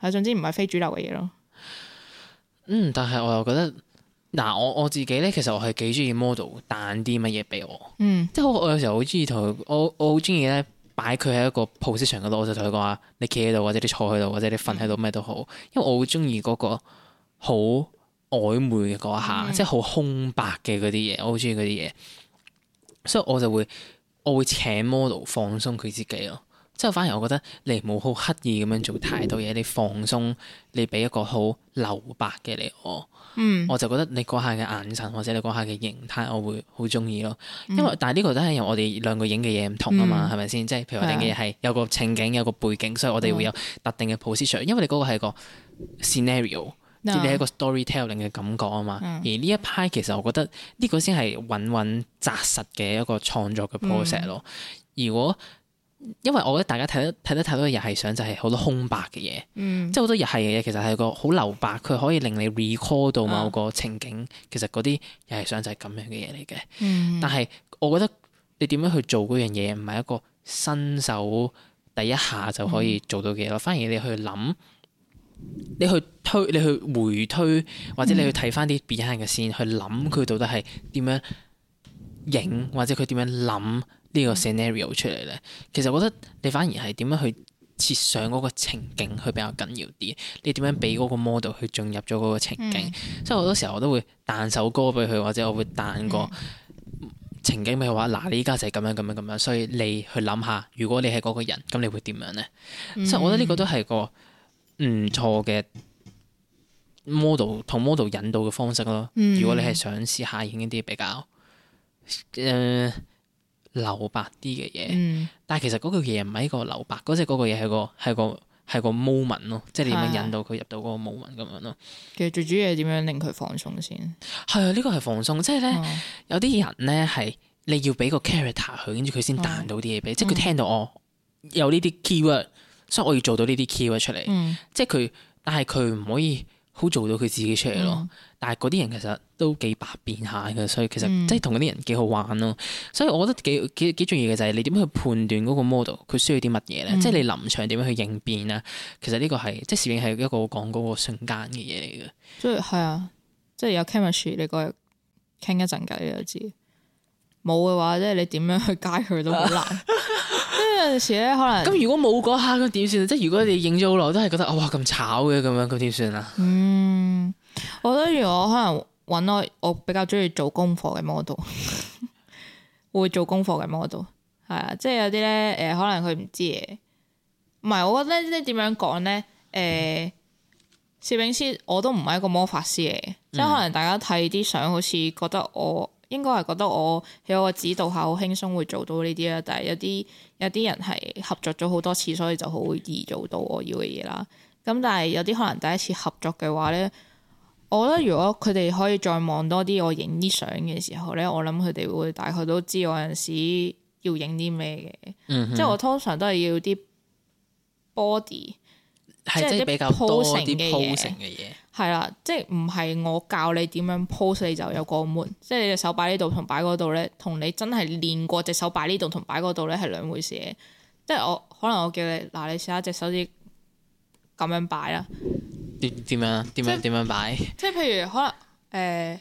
係總之唔係非主流嘅嘢咯。嗯，但係我又覺得。嗱，我我自己咧，其實我係幾中意 model 彈啲乜嘢俾我，嗯、即係我我有時候好中意同佢，我我好中意咧擺佢喺一個 position 度，我就同佢講話，你企喺度或者你坐喺度或者你瞓喺度咩都好，因為我好中意嗰個好曖昧嘅嗰下，嗯、即係好空白嘅嗰啲嘢，我好中意嗰啲嘢，所以我就會我會請 model 放鬆佢自己咯。即係反而，我覺得你冇好刻意咁樣做太多嘢，你放鬆，你俾一個好留白嘅你我，我就覺得你嗰下嘅眼神或者你嗰下嘅形態，我會好中意咯。因為、嗯、但係呢個都係由我哋兩個影嘅嘢唔同啊嘛，係咪先？即係吧譬如我哋影嘅嘢係有個情景有個背景，所以我哋會有特定嘅 position、嗯、因為你嗰個係個 scenario，即係一個、嗯、個 storytelling 嘅感覺啊嘛。嗯、而呢一派其實我覺得呢個先係穩穩紮紮實嘅一個創作嘅 proces、嗯、s 咯。如果因為我覺得大家睇得睇得太多嘅日系相，就係好多空白嘅嘢，嗯、即係好多日系嘅嘢其實係個好留白，佢可以令你 recall 到某個情景。啊、其實嗰啲日系相就係咁樣嘅嘢嚟嘅。嗯、但係我覺得你點樣去做嗰樣嘢，唔係一個新手第一下就可以做到嘅咯。嗯、反而你去諗，你去推，你去回推，或者你去睇翻啲 b 人嘅線，嗯、去諗佢到底係點樣影，或者佢點樣諗。呢個 scenario 出嚟咧，其實我覺得你反而係點樣去設想嗰個情景去比較緊要啲。你點樣俾嗰個 model 去進入咗嗰個情景？嗯、所以好多時候我都會彈首歌俾佢，或者我會彈個情景俾佢話：嗱、嗯呃，你依家就係咁樣咁樣咁樣，所以你去諗下，如果你係嗰個人，咁你會點樣咧？嗯、所以我覺得呢個都係個唔錯嘅 model 同 model 引導嘅方式咯。嗯、如果你係想試下，演一啲比較誒，呃留白啲嘅嘢，嗯、但係其實嗰個嘢唔係一個留白，嗰隻嗰個嘢係個係個係個 moment 咯，即係你點樣引導佢入到嗰個 moment 咁樣咯。其實最主要係點樣令佢放鬆先。係啊，呢、呢個係放鬆，即係咧、哦、有啲人咧係你要俾個 character 佢，跟住佢先彈到啲嘢俾，即係佢聽到我有呢啲 keyword，嗯、所以我要做到呢啲 keyword 出嚟，嗯、即係佢但係佢唔可以。好做到佢自己出嚟咯，嗯、但係嗰啲人其實都幾百變下嘅，所以其實即係同嗰啲人幾好玩咯。嗯、所以我覺得幾幾幾重要嘅就係你點去判斷嗰個 model 佢需要啲乜嘢咧，即係、嗯、你臨場點樣去應變啦。其實呢個係即係攝影係一個講嗰個瞬間嘅嘢嚟嘅。所以係啊，即係有 chemistry，你過嚟傾一陣偈，你就知。冇嘅話，即、就、係、是、你點樣去 guide，佢都好難。 嗰陣時咧，可能咁如果冇嗰下，咁點算？即係如果你影咗好耐，都係覺得哇咁醜嘅咁樣，咁點算啊？嗯，我覺得如果可能搵我，我比較中意做功課嘅 model，會做功課嘅 model 係啊，即係有啲咧，誒、呃，可能佢唔知嘅，唔係，我覺得即係點樣講咧，誒、呃，攝影師我都唔係一個魔法師嚟嘅，嗯、即係可能大家睇啲相，好似覺得我。應該係覺得我喺我指導下好輕鬆會做到呢啲啦，但係有啲有啲人係合作咗好多次，所以就好易做到我要嘅嘢啦。咁但係有啲可能第一次合作嘅話咧，我覺得如果佢哋可以再望多啲我影啲相嘅時候咧，我諗佢哋會大概都知我有時要影啲咩嘅。嗯、哼即係我通常都係要啲 body，是即係啲比較 pose 性嘅嘢。係啦，即係唔係我教你點樣 pose 你就有個門，即你隻手擺呢度同擺嗰度咧，同你真係練過隻手擺呢度同擺嗰度咧係兩回事嘅。即係我可能我叫你嗱，你試下隻手指咁樣擺啦。點點樣？點樣點即樣擺？即係譬如可能誒、呃，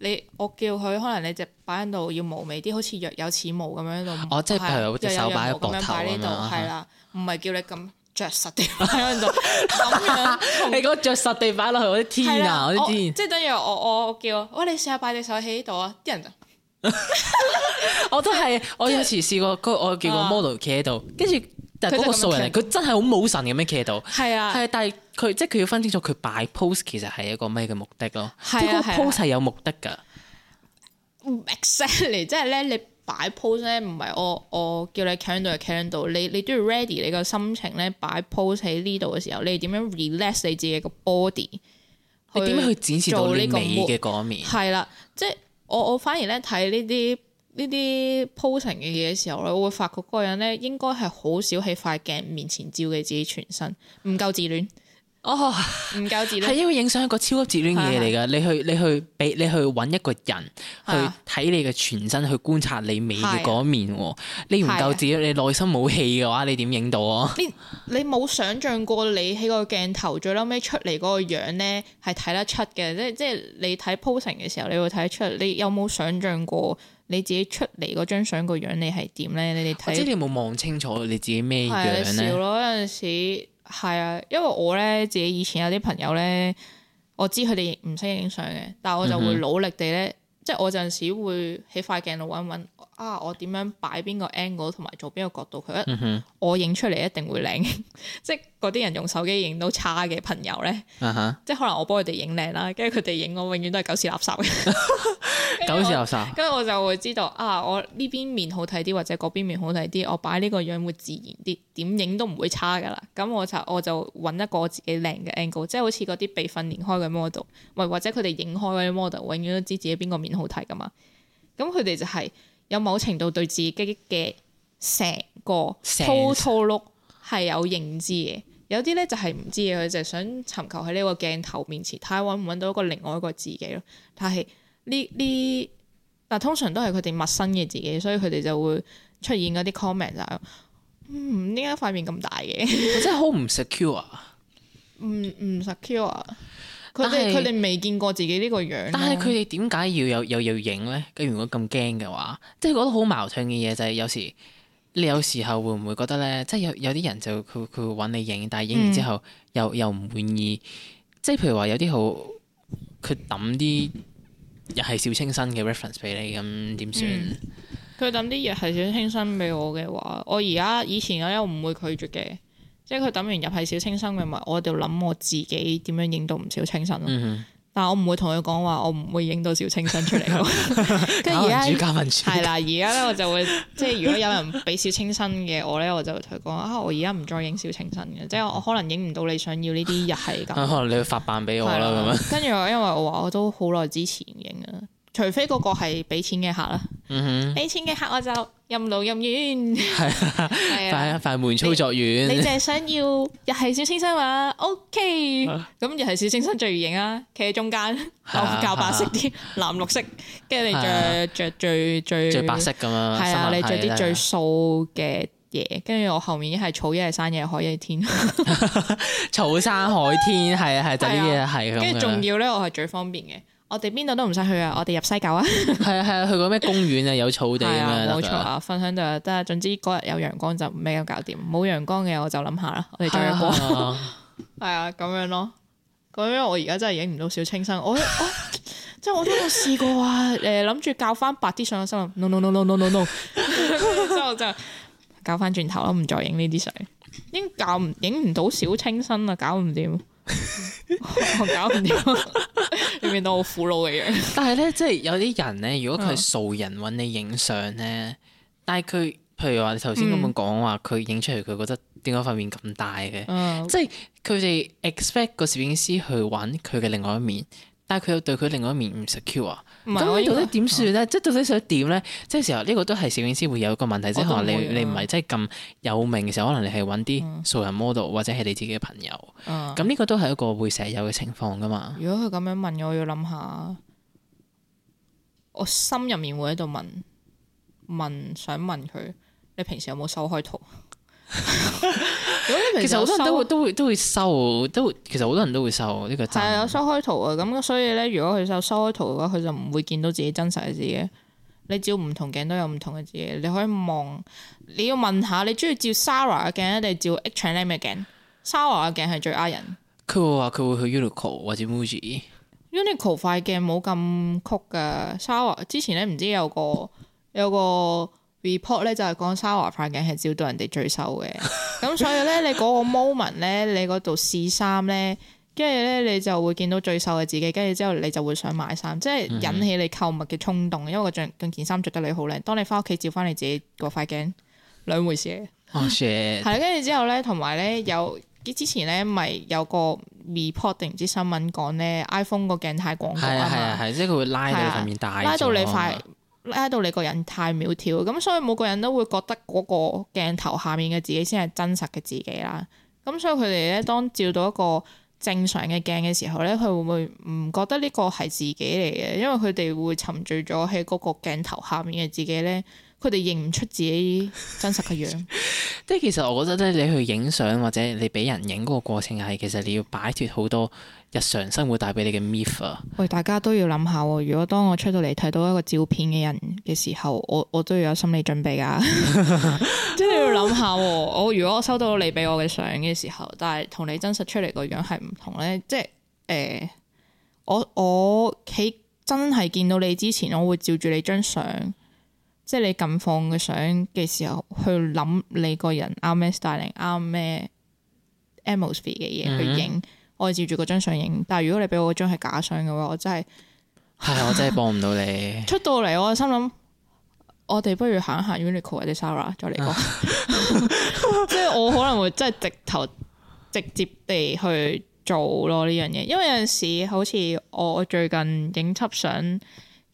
你我叫佢可能你隻擺喺度要冇味啲，好似若有似冇咁樣度。哦，即係譬如隻手擺喺膊頭，擺呢度係啦，唔係叫你咁。着實地擺喺度，咁 樣 你嗰個着實地擺落去，我啲天啊！啊我啲天，啊我！即係等於我我，我叫，哇！你試下擺隻手喺度啊！啲人就， 我都係，我有時試過，我叫個 model 企喺度，跟住但係嗰個素人，佢真係好冇神咁樣企喺度。係啊，係啊，但係佢即係佢要分清楚，佢擺 pose 其實係一個咩嘅目的咯？啊啊，即係個 pose 係有目的噶，啊。exactly，即係咧你。你擺 pose 咧，唔係我我叫你 camera 度就 camera 度，你你都要 ready 你個心情咧，擺 pose 喺呢度嘅時候，你點樣 relax 你自己個 body？你點樣去展示到你美嘅嗰一面？係啦，即係我我反而咧睇呢啲呢啲 pose 嘅嘢嘅時候咧，我會發覺嗰個人咧應該係好少喺塊鏡面前照嘅自己全身，唔夠自戀。嗯哦，唔、oh, 夠自戀，係因為影相一個超級自戀嘅嘢嚟噶。你去你去俾你去揾一個人、啊、去睇你嘅全身，去觀察你美嘅一面。啊、你唔夠自戀，啊、你內心冇氣嘅話，你點影到啊？你冇想象過你喺個鏡頭最嬲尾出嚟嗰個樣咧，係睇得出嘅。即即係你睇 posing 嘅時候，你會睇得出。你有冇想象過你自己出嚟嗰張相個樣你係點咧？你哋我知你有冇望清楚你自己咩樣陣時。係啊，因為我咧自己以前有啲朋友咧，我知佢哋唔識影相嘅，但我就會努力地咧。即係我有陣時會喺塊鏡度揾揾啊，我點樣擺邊個 angle，同埋做邊個角度，佢我影出嚟一定會靚。 即係嗰啲人用手機影到差嘅朋友咧，uh huh. 即係可能我幫佢哋影靚啦，跟住佢哋影我永遠都係狗屎垃圾嘅 我 狗屎垃圾。跟住我就會知道啊，我呢邊面好睇啲，或者嗰邊面好睇啲，我擺呢個樣會自然啲，點影都唔會差㗎喇。咁我就我就揾一個自己靚嘅 angle，即係好似嗰啲被訓練開嘅 model，或者佢哋影開嗰啲 model，永遠都知自己邊個面。好睇噶嘛？咁佢哋就係有某程度對自己嘅成個 whole 碌係有認知嘅，有啲咧就係唔知嘅，佢就係想尋求喺呢個鏡頭面前，睇下揾唔揾到一個另外一個自己咯。但係呢呢，但通常都係佢哋陌生嘅自己，所以佢哋就會出現嗰啲 comment 就係、是，嗯，點解塊面咁大嘅， 真係好唔 secure，唔唔 secure。 佢哋未見過自己呢個樣呢。但係佢哋點解要有又要影咧？如果咁驚嘅話，即係我覺得好矛盾嘅嘢就係、是、有時，你有時候會唔會覺得咧？即係有有啲人就佢佢會揾你影，但係影完之後又、嗯、又唔滿意。即係譬如話有啲好佢揼啲日系小清新嘅 reference 俾你，咁點算？佢揼啲日系小清新俾我嘅話，我而家以前我又唔會拒絕嘅。即係佢揼完入係小清新嘅，咪我就諗我自己點樣影到唔少清新咯。嗯、哼但係我唔會同佢講話，我唔會影到小清新出嚟。跟住而家係啦，而家咧我就會， 我就會即係如果有人俾小清新嘅我咧，我就同佢講啊，我而家唔再影小清新嘅，即係我可能影唔到你想要呢啲日系咁。 啊、可能你會發辦俾我啦咁樣。跟住我因為我話我都好耐之前影啊。除非個個係俾錢嘅客啦，俾錢嘅客我就任勞任怨，係啊，快快門操作員，你淨係想要又係小清新嘛？OK，咁又係小清新最型啊！企喺中間，我較白色啲藍綠色，跟住你着著最最白色噶嘛？係啊，你着啲最素嘅嘢，跟住我後面一係草，一係山，一係海，一係天，草山海天，係啊係啲嘢係咁樣。跟住仲要咧，我係最方便嘅。我哋邊度都唔使去啊！我哋入西九啊！ 係啊係啊，去過咩公園啊？有草地啊，冇錯啊！分享就得，總之嗰日有陽光就咩都搞掂，冇陽光嘅我就諗下啦。我哋再入波，係啊咁樣咯。咁樣我而家真係影唔到小清新。我、啊、真我即係我都有試過啊！誒， 諗住教翻白啲相嘅心，no no no no no no no，之後就搞翻轉頭啦，唔再影呢啲相。影搞唔影唔到小清新啊，搞唔掂。 我搞唔掂，你變到好苦惱嘅樣。但係咧，即係有啲人咧，如果佢係素人揾你影相咧，但係佢，譬如話你頭先咁樣講話，佢影、嗯、出嚟佢覺得點解塊面咁大嘅？即係佢哋 expect 個攝影師去揾佢嘅另外一面。但係佢又對佢另外一面唔 secure 啊？咁是到底點算咧？即係、啊、到底想點咧？即係時候呢、這個都係攝影師會有一個問題，即係話你你唔係真係咁有名嘅時候，可能你係揾啲素人 model、嗯、或者係你自己嘅朋友。咁呢個都係一個會成有嘅情況噶嘛？如果佢咁樣問，我要諗下，我心入面會喺度問問想問佢，你平時有冇收開圖？ 其實好多人都會都會都會收，都會其實好多人都會收呢、這個。係啊，修開圖啊，咁所以咧，如果佢收修開圖嘅話，佢就唔會見到自己真實嘅自己。你照唔同鏡都有唔同嘅自己，你可以望。你要問下，你中意照 Sarah 嘅鏡，定照 H&M 咧？咩鏡？Sarah 嘅鏡係最呃人。佢會話佢會去 Uniqlo 或者 Muji。Uniqlo 塊鏡冇咁曲噶。Sarah 之前咧唔知有個有個。有個 report 咧就係講沙華塊鏡係照到人哋最瘦嘅，咁 所以咧，你嗰個 moment 咧，你嗰度試衫咧，跟住咧你就會見到最瘦嘅自己，跟住之後你就會想買衫，即係引起你購物嘅衝動，因為嗰件衫着得你好靚。當你翻屋企照翻你自己嗰塊鏡，兩回事。Oh shit! 係，跟住之後咧，同埋咧有，之前咧咪有個 report 定唔知新聞講咧 iPhone 個鏡太廣告啊，係啊係，即係佢會拉你塊面大，拉到你塊。拉到你個人太苗條，咁所以每個人都會覺得嗰個鏡頭下面嘅自己先係真實嘅自己啦。咁所以佢哋咧，當照到一個正常嘅鏡嘅時候咧，佢會唔會唔覺得呢個係自己嚟嘅？因為佢哋會沉醉咗喺嗰個鏡頭下面嘅自己咧。佢哋認唔出自己真實嘅樣，即係 其實我覺得咧，你去影相或者你俾人影嗰個過程係，其實你要擺脫好多日常生活帶俾你嘅 myth 啊。喂，大家都要諗下，如果當我出到嚟睇到一個照片嘅人嘅時候，我我都要有心理準備㗎！即 係 要諗下，我如果我收到你俾我嘅相嘅時候，但係同你真實出嚟個樣係唔同咧，即係誒，我我喺真係見到你之前，我會照住你張相。即係你近況嘅相嘅時候，去諗你個人啱咩 style，啱咩 atmosphere 嘅嘢去影，我照住嗰張相影。但係如果你俾我嗰張係假相嘅話，我真係係唉唉我真係幫唔到你。出到嚟，我心諗我哋不如行一行 Uniqlo 或者 Sarah 再嚟過。唉 即係我可能會真係直頭直接地去做咯呢樣嘢，因為有陣時好似我最近影輯相。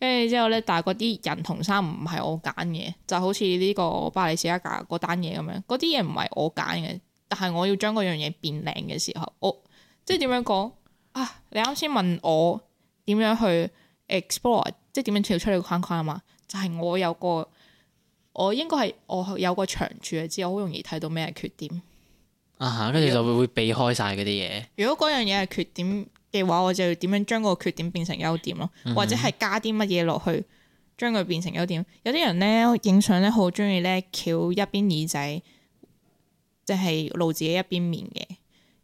跟住之後咧，但係啲人同衫唔係我揀嘅，就好似呢個巴黎世家嗰單嘢咁樣，嗰啲嘢唔係我揀嘅。但係我要將嗰樣嘢變靚嘅時候，我即係點樣講啊？你啱先問我點樣去 explore，即係點樣跳出你個框框啊？嘛，就係我有個，我應該係我有個長處之後，我好容易睇到咩缺點。啊哈！跟住就會會避開晒嗰啲嘢。如果嗰樣嘢係缺點嘅話，我就要點樣將個缺點變成優點咯，嗯、哼或者係加啲乜嘢落去，將佢變成優點。有啲人咧影相咧，好中意咧翹一邊耳仔，即係露自己一邊面嘅。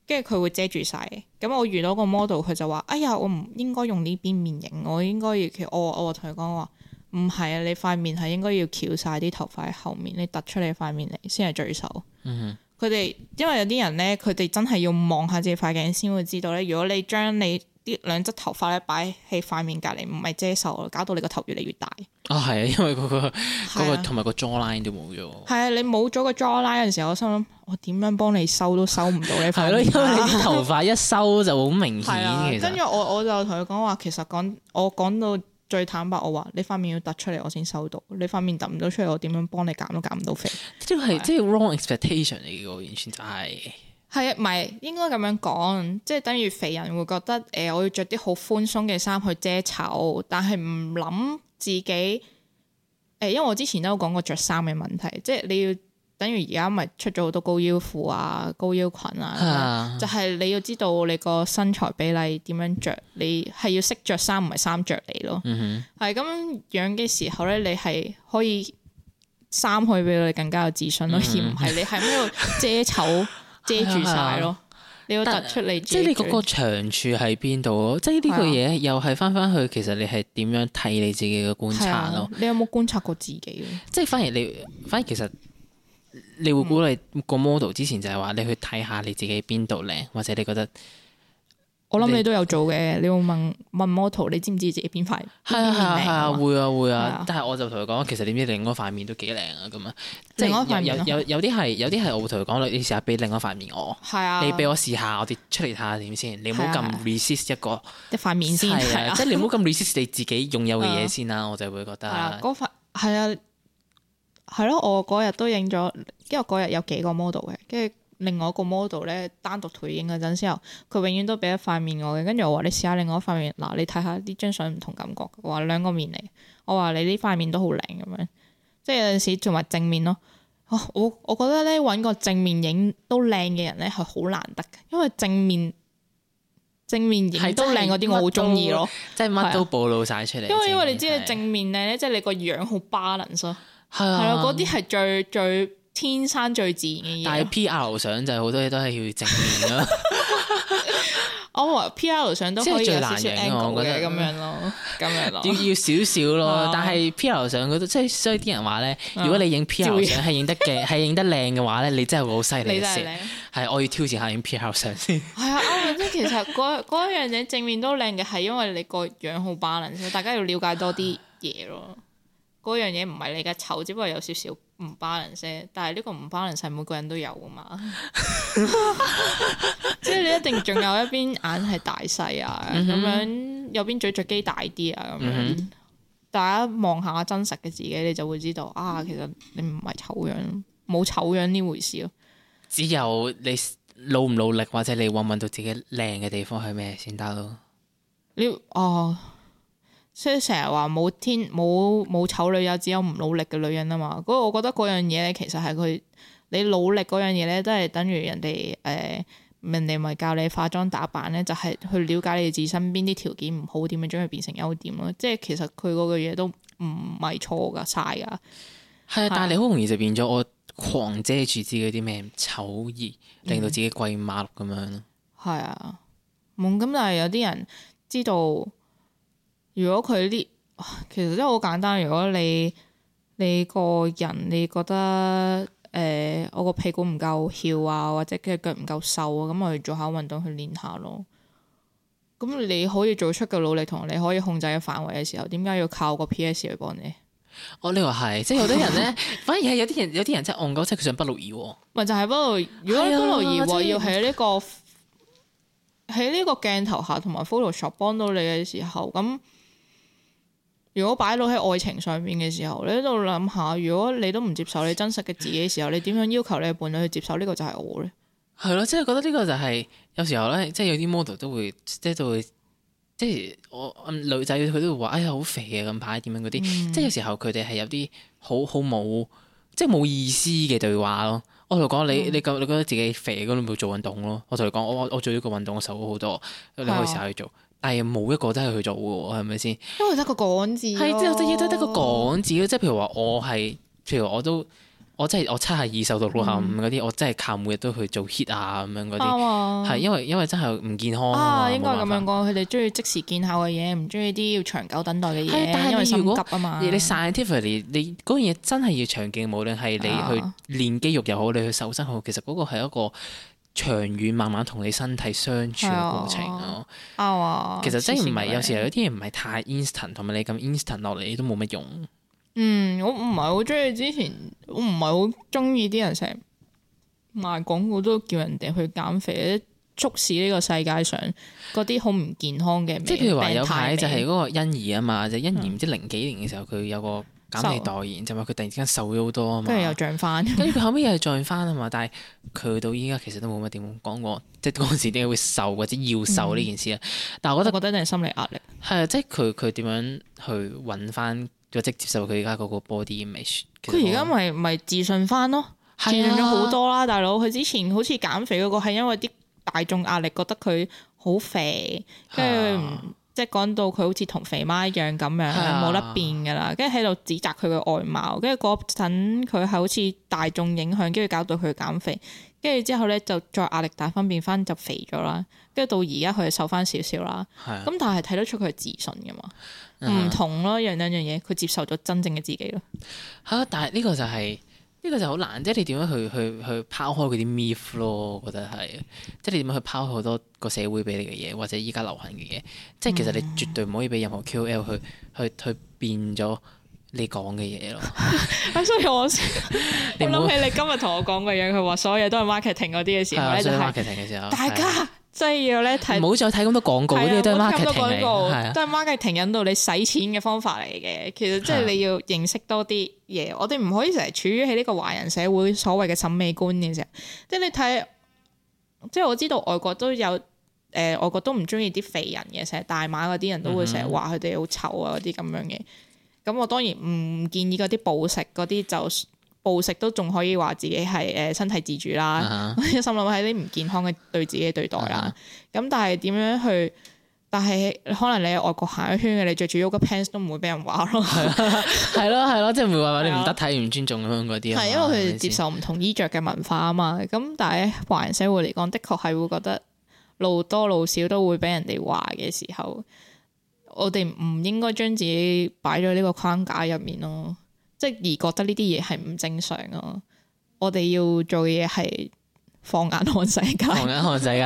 跟住佢會遮住晒。咁我遇到個 model，佢就話：，哎呀，我唔應該用呢邊面影，我應該要翹。其、哦、我、哦、我同佢講話，唔係啊，你塊面係應該要翹晒啲頭髮喺後面，你突出你塊面嚟，先係最醜。嗯佢哋因為有啲人咧，佢哋真係要望下自己塊鏡先會知道咧。如果你將你啲兩側頭髮咧擺喺塊面隔離，唔係遮瘦，搞到你個頭越嚟越大。啊、哦，係啊，因為嗰、嗰個同埋個 jawline 都冇咗。係啊，你冇咗個 jawline 嘅時候，我心諗我點樣幫你收都收唔到你塊面。係咯，因為你頭髮一收就好明顯。跟住我我就同佢講話，其實講我講到。最坦白我話，你塊面要凸出嚟我先收到，你塊面凸唔到出嚟，我點樣幫你減都減唔到肥。是是即係即係 wrong expectation 嚟嘅，完全就係。係、哎、啊，唔係應該咁樣講，即、就、係、是、等於肥人會覺得誒、呃，我要着啲好寬鬆嘅衫去遮醜，但係唔諗自己誒、呃，因為我之前都有講過着衫嘅問題，即、就、係、是、你要。等於而家咪出咗好多高腰褲啊、高腰裙啊，就係你要知道你個身材比例點樣着，你係要識着衫，唔係衫着你咯。係咁樣嘅時候咧，你係可以衫可以俾你更加有自信咯，而唔係你喺度遮醜遮住晒咯。你要突出你，即係你嗰個長處喺邊度咯？即係呢個嘢又係翻翻去，其實你係點樣睇你自己嘅觀察咯？你有冇觀察過自己？即係反而你，反而其實。你會估你個 model 之前，就係話你去睇下你自己邊度靚，或者你覺得我諗你都有做嘅。你會問問 model 你知唔知自己邊塊係啊係啊係啊會啊會啊，但係我就同佢講，其實你知唔知另一塊面都幾靚啊咁啊？即係有有有啲係有啲係我會同佢講，你試下俾另一塊面我，係啊，你俾我試下，我哋出嚟睇下點先？你唔好咁 resist 一個一塊面先，即係你唔好咁 resist 你自己擁有嘅嘢先啦。我就會覺得塊係啊。係咯，我嗰日都影咗，因為嗰日有幾個 model 嘅，跟住另外一個 model 咧單獨退影嗰陣時候，佢永遠都俾一塊面我嘅。跟住我話你試下另外一塊面，嗱你睇下呢張相唔同感覺。我話兩個面嚟，我話你呢塊面都好靚咁樣，即係有陣時同埋正面咯。我我覺得咧揾個正面影都靚嘅人咧係好難得嘅，因為正面正面影都靚嗰啲我好中意咯，即係乜都暴露晒出嚟。了因為因為你知啊，正面靚咧即係你個樣好 balance 係啊，嗰啲係最最天生最自然嘅嘢。但係 P R 相就係好多嘢都係要正面咯。我話 P R 相都可以，最難影嘅，我覺得咁樣咯，咁樣要要少少咯。但係 P R 相嗰度，即係所以啲人話咧，如果你影 P R 相係影得嘅，係影得靚嘅話咧，你真係好犀利先。係我要挑戰下影 P R 相先。係啊，啱啱先，其實嗰一樣嘢正面都靚嘅，係因為你個樣好 balance 所以大家要了解多啲嘢咯。嗰樣嘢唔係你嘅醜，只不過有少少唔 balance 啫。但係呢個唔 balance 係每個人都有噶嘛，即係 你一定仲有一邊眼係大細啊，咁、嗯、哼樣有邊咀嚼肌大啲啊，咁樣、嗯、哼大家望下真實嘅自己，你就會知道啊，其實你唔係醜樣，冇醜樣呢回事咯。只有你努唔努力，或者你搵唔搵唔到自己靚嘅地方係咩先得咯。你哦。所以成日話冇天冇冇醜女人，只有唔努力嘅女人啊嘛。嗰個我覺得嗰樣嘢咧，其實係佢你努力嗰樣嘢咧，都係等於人哋誒，人哋咪教你化妝打扮咧，就係、是、去了解你自己身邊啲條件唔好點樣將佢變成優點咯。即係其實佢嗰個嘢都唔係錯噶，晒噶。係啊，啊但係你好容易就變咗我狂遮住自己啲咩醜，而令到自己鬼馬咁樣咯。係、嗯、啊，冇、嗯、咁，但係有啲人知道。如果佢啲，其實真係好簡單。如果你你個人你覺得，誒、呃，我個屁股唔夠翹啊，或者跟住腳唔夠瘦啊，咁我哋做下運動去練下咯。咁你可以做出嘅努力同你可以控制嘅範圍嘅時候，點解要靠個 PS 去幫你？我呢個係，即係有啲人咧， 反而係有啲人，有啲人真係戇鳩，即係佢想不勞而獲喎、哦。咪就係、是、不勞而，如果不勞而獲喎，了要喺呢、這個。喺呢個鏡頭下，同埋 Photoshop 幫到你嘅時候，咁如果擺到喺愛情上面嘅時候，你喺度諗下，如果你都唔接受你真實嘅自己嘅時候，你點樣要求你嘅伴侶去接受呢個就係我咧？係咯，即、就、係、係、覺得呢個就係、係、有時候咧，即係有啲 model 都會即係會，即係我女仔佢都會話、呃：哎呀，好肥啊！近排點樣嗰啲，嗯、即係有時候佢哋係有啲好好冇，即係冇意思嘅對話咯。我同你講，你你覺你覺得自己肥，咁你咪做運動咯。我同你講，我我做呢個運動，我瘦咗好多。你可以試下去做，啊、但係冇一個都係去做喎，係咪先？因為得個,、啊、個講字。係，即係。得依得得個講字即係譬如話，我係，譬如我都。我真係我七十二瘦到六下五嗰啲，嗯、我真係靠每日都去做 HIIT 啊咁樣嗰啲，係、哦啊、因為因為真係唔健康啊。應該咁樣講，佢哋中意即時見效嘅嘢，唔中意啲要長久等待嘅嘢，但如果因為心急啊嘛。你 scientifically，你嗰樣嘢真係要長期，無論係你去練肌肉又好，哦、你去瘦身好，其實嗰個係一個長遠慢慢同你身體相處嘅過程咯。其實真係唔係有時候有啲嘢唔係太 instant，同埋你咁 instant 落嚟都冇乜用。嗯，我唔係好中意之前，我唔係好中意啲人成日賣廣告都叫人哋去減肥，喺促使呢個世界上嗰啲好唔健康嘅。即係譬如話有排就係嗰個欣怡啊嘛，就、嗯、欣怡唔知零幾年嘅時候佢有個減肥代言，就話佢突然之間瘦咗好多啊嘛，跟住又漲翻，跟住佢後尾又漲翻係嘛，但係佢到依家其實都冇乜點講過，即係嗰陣時點解會瘦或者要瘦呢件事啊。但係我都覺得一定係心理壓力。係啊，即係佢佢點樣去揾翻。就即接受佢而家嗰個 body image，佢而家咪咪自信翻咯，自信咗好多啦，大佬。佢之前好似減肥嗰、嗰個，係因為啲大眾壓力覺得佢好肥，好跟住即講到佢好似同肥媽一樣咁樣，冇得、啊、變噶啦。跟住喺度指責佢嘅外貌，跟住嗰陣佢係好似大眾影響，跟住搞到佢減肥，跟住之後咧就再壓力大翻變翻就肥咗啦。跟住到而家佢瘦翻少少啦，咁但係睇得出佢自信噶嘛。唔、嗯、同咯，一兩樣嘢，佢接受咗真正嘅自己咯。嚇！ 但係呢個就係、是、呢、這個就好難，即、就、係、是、你點樣去去去拋開嗰啲 me feel 我覺得係，即、就、係、是、你點樣去拋開好多個社會俾你嘅嘢，或者依家流行嘅嘢。即係其實你絕對唔可以俾任何 Q L 去去去變咗你講嘅嘢咯。所以我我諗起你今日同我講嘅樣，佢話所有嘢都係 marketing 嗰啲嘅時候咧，就係大家。即係要咧睇，唔好再睇咁多廣告，嗰啲 都係 marketing，都係 marketing 引到你使錢嘅方法嚟嘅。其實即係你要認識多啲嘢，是啊、我哋唔可以成日處於喺呢個華人社會所謂嘅審美觀念上。即係你睇，即係我知道外國都有，誒、呃，外國都唔中意啲肥人嘅，成日大碼嗰啲人都會成日話佢哋好醜啊，嗰啲咁樣嘅。咁我當然唔建議嗰啲暴食嗰啲就。暴食都仲可以話自己係誒身體自主啦，一心諗喺啲唔健康嘅對自己嘅對待啦。咁、啊、但係點樣去？但係可能你喺外國行一圈嘅，你着住 yoga pants 都唔會俾人話咯。係咯係咯，即係唔會話你唔得體唔、啊、尊重咁樣嗰啲。係、啊啊啊、因為佢哋接受唔同衣着嘅文化啊嘛。咁但係華人社會嚟講，的確係會覺得路多路少都會俾人哋話嘅時候，我哋唔應該將自己擺咗呢個框架入面咯。即係而覺得呢啲嘢係唔正常咯。我哋要做嘢係放眼看世界，放眼看世界。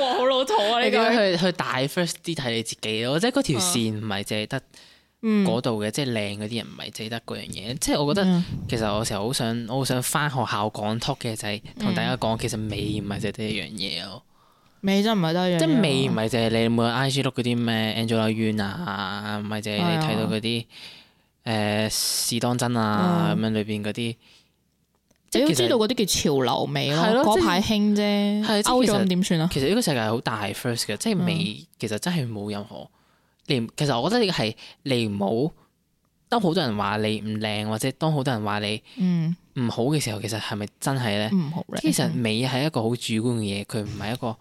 哇，好老土啊！你咁去去大 first 啲睇你自己咯、嗯嗯嗯。即係嗰條線唔係淨係得嗰度嘅，即係靚嗰啲人唔係淨係得嗰樣嘢。即係我覺得其實我成日好想我好想翻學校講 talk 嘅就係、是、同大家講，其實美唔係淨係得一樣嘢咯。嗯嗯，美真唔係得一樣，即係美唔係淨係你有冇 IG 碌嗰啲咩 Angelababy 啊，唔係淨係你睇到嗰啲、哦。誒，是、呃、當真啊？咁樣裏邊嗰啲，嗯、即係你都知道嗰啲實叫潮流美咯，嗰排興啫，out 咗點算啊？其實呢個世界係好大 first 嘅，即係美，其實真係冇任何。你、嗯、其實我覺得呢個係你唔好，當好多人話你唔靚，或者當好多人話你唔好嘅時候，嗯、其實係咪真係咧？唔好，其實美係一個好主觀嘅嘢，佢唔係一個。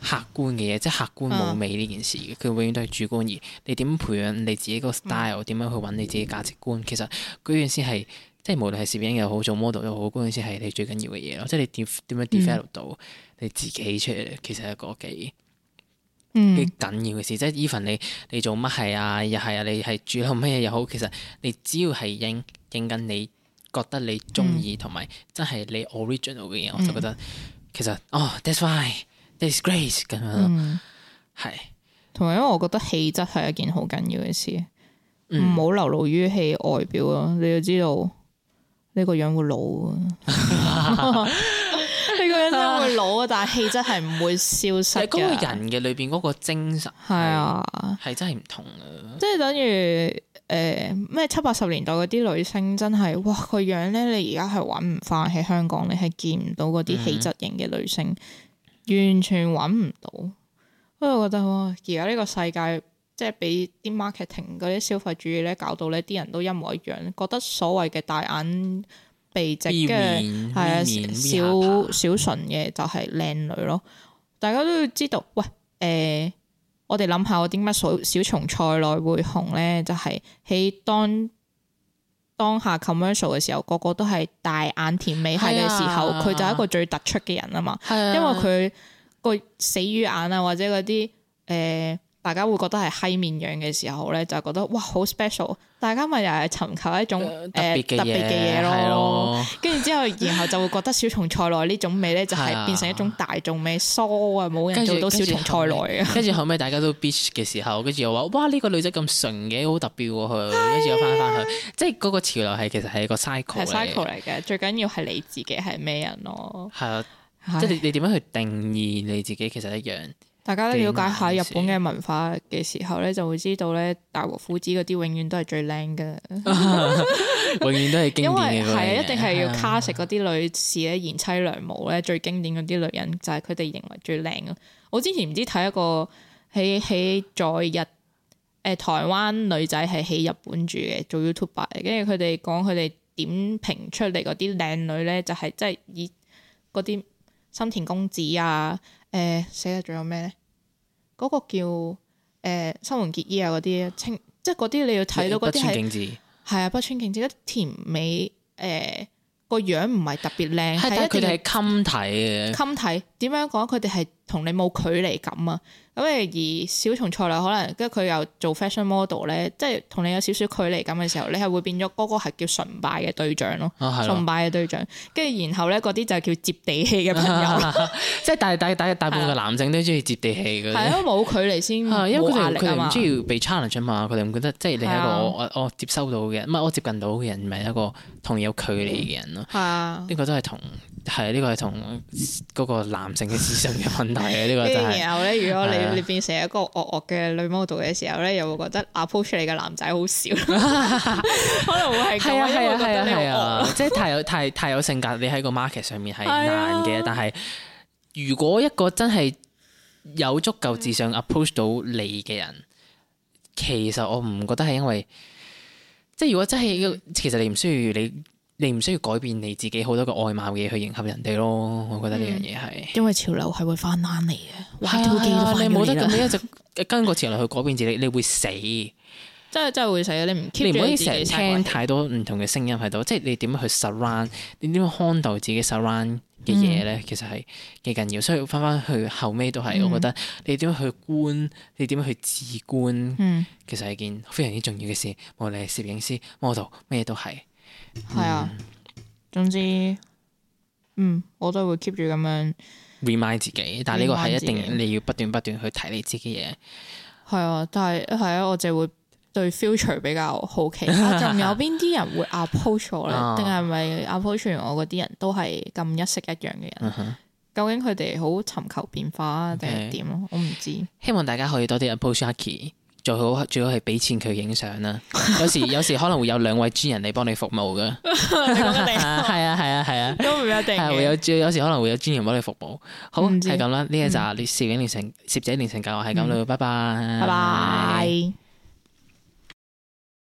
客觀嘅嘢，即係客觀冇味呢件事佢、啊、永遠都係主觀而，你點培養你自己個 style？點樣去揾你自己價值觀？其實嗰件事係，即係無論係攝影又好，做 model 又好，嗰件事係你最緊要嘅嘢咯。嗯、即係你點點樣 develop 到你自己出嚟，嗯、其實係一個幾幾緊要嘅事。嗯、即係 even 你你做乜係啊，又係啊，你係乜嘢又好，其實你只要係影影緊你覺得你中意同埋真係你 original 嘅嘢，我就覺得、嗯、其實哦，that's why。disgrace 咁、嗯、是樣，係同埋，因為我覺得氣質係一件好緊要嘅事，唔好、嗯、流露於氣外表咯。你要知道，呢個樣會老，呢個樣真會老。但係氣質係唔會消失嘅，嗰個人嘅裏邊嗰個精神係啊，係、嗯、真係唔同嘅。即係等於誒咩七八十年代嗰啲女星真係哇個樣咧，你而家係搵唔翻喺香港你，你係見唔到嗰啲氣質型嘅女星。完全揾唔到，所、哎、以我覺得而家呢個世界即係俾啲 marketing 嗰啲消費主義咧搞到咧，啲人都一模一樣，覺得所謂嘅大眼鼻直嘅係小小純嘅就係靚女咯。大家都要知道，喂，誒、呃，我哋諗下我啲乜小松菜奈會紅咧，就係、是、喺當當下 commercial 嘅時候，個個都係大眼甜美。係嘅時候，佢是、啊、就係一個最突出嘅人啊嘛！是啊，因為佢個死魚眼啊，或者嗰啲誒。呃大家會覺得係閪面樣嘅時候咧，就覺得哇好 special！大家咪又係尋求一種、呃、特別嘅嘢、呃、咯，跟住之後然後就會覺得小松菜奈呢種味咧就係變成一種大眾味，疏啊冇人做到小松菜奈啊！跟住後尾大家都 bitch 嘅時候，跟住又話哇呢、呢個女仔咁純嘅，好特別喎佢，跟住又翻返去，哎、呀 即係嗰個潮流係其實係一個 cycle 嚟嘅。cycle 嚟嘅，最緊要係你自己係咩人咯？係啊，即係你你點樣去定義你自己其實一樣。大家都了解下日本嘅文化嘅時候咧，就會知道咧大和撫子嗰啲永遠都係最靚嘅， 為永遠都係經典。 因為係啊，一定係要卡食嗰啲女士咧，賢妻良母咧， 最經典嗰啲女人就係佢哋認為最靚咯。我之前唔知睇一個喺喺在日，誒、呃、台灣女仔係喺日本住嘅做 YouTube 嘅，跟住佢哋講佢哋點評出嚟嗰啲靚女咧，就係、是、即係以嗰啲深田公子啊。誒、呃、寫嘅仲有咩咧？嗰、那個叫誒、呃《新垣結衣》啊，嗰啲清，即係嗰啲你要睇到啲係，係啊，北川景子，啲甜美誒個、呃、樣唔係特別靚，係佢哋係襟睇嘅，襟睇。點樣講？佢哋係同你冇距離感啊！咁誒，而小松菜奈可能跟住佢又做 fashion model 咧，即係同你有少少距離感嘅時候，你係會變咗嗰個係叫崇拜嘅對象咯，崇拜嘅對象。跟住然後咧，嗰啲就叫接地氣嘅朋友。即係大大大大部分男性都中意接地氣嗰係咯，冇距離先，因為佢哋唔中意被 challenge 啊嘛，佢哋唔覺得即係另一個我我接收到嘅，唔係我接近到嘅人，唔係一個同有距離嘅人咯。係啊，呢個都係同係呢個係同嗰個男。成嘅自信嘅問題啊！呢個真係。跟住然後咧，如果你你變成一個惡惡嘅女 model 嘅時候咧，又對了 會，會覺得 approach 你嘅男仔好少， 可能會係係啊係啊係啊！即係太有太太有性格，你喺個 market 上面係難嘅。啊、但係如果一個真係有足夠自信 approach 到你嘅人、嗯其，其實我唔覺得係因為即係如果真係其實你唔需要，你，需要你。你唔需要改變你自己好多個外貌嘢去迎合人哋咯，我覺得呢樣嘢係。因為潮流係會翻翻嚟嘅，係你冇得咁樣一直跟個潮流去改變自己，你會死。真係真係會死，你唔可以成日聽太多唔同嘅聲音喺度，即係你點樣去 surround，你點樣 handle 自己 surround 嘅嘢咧？其實係幾緊要。所以翻翻去後尾都係，我覺得你點樣去觀，你點樣去自觀，其實係件非常之重要嘅事。無論係攝影師、model，咩都係。係啊，嗯、總之，嗯，我都會 keep 住咁樣 remind 自己，但係呢個係一定你要不斷不斷去睇你自己嘅嘢。係啊、嗯，但係係啊，我就會對 future 比較好奇。仲 有邊啲人會 approach 我咧？定係咪 approach 我嗰啲人都係咁一式一樣嘅人？Uh huh. 究竟佢哋好尋求變化啊，定係點？我唔知。希望大家可以多啲 approach 阿 K。最好最好係俾錢佢影相啦， 有時有時可能會有兩位專人嚟幫你服務㗎，係啊係啊係啊，啊啊啊 都唔一定。係會有，有時可能會有專人幫你服務。好，係咁啦，呢一集你攝影練成，攝者練成教學係咁啦，拜拜，拜拜。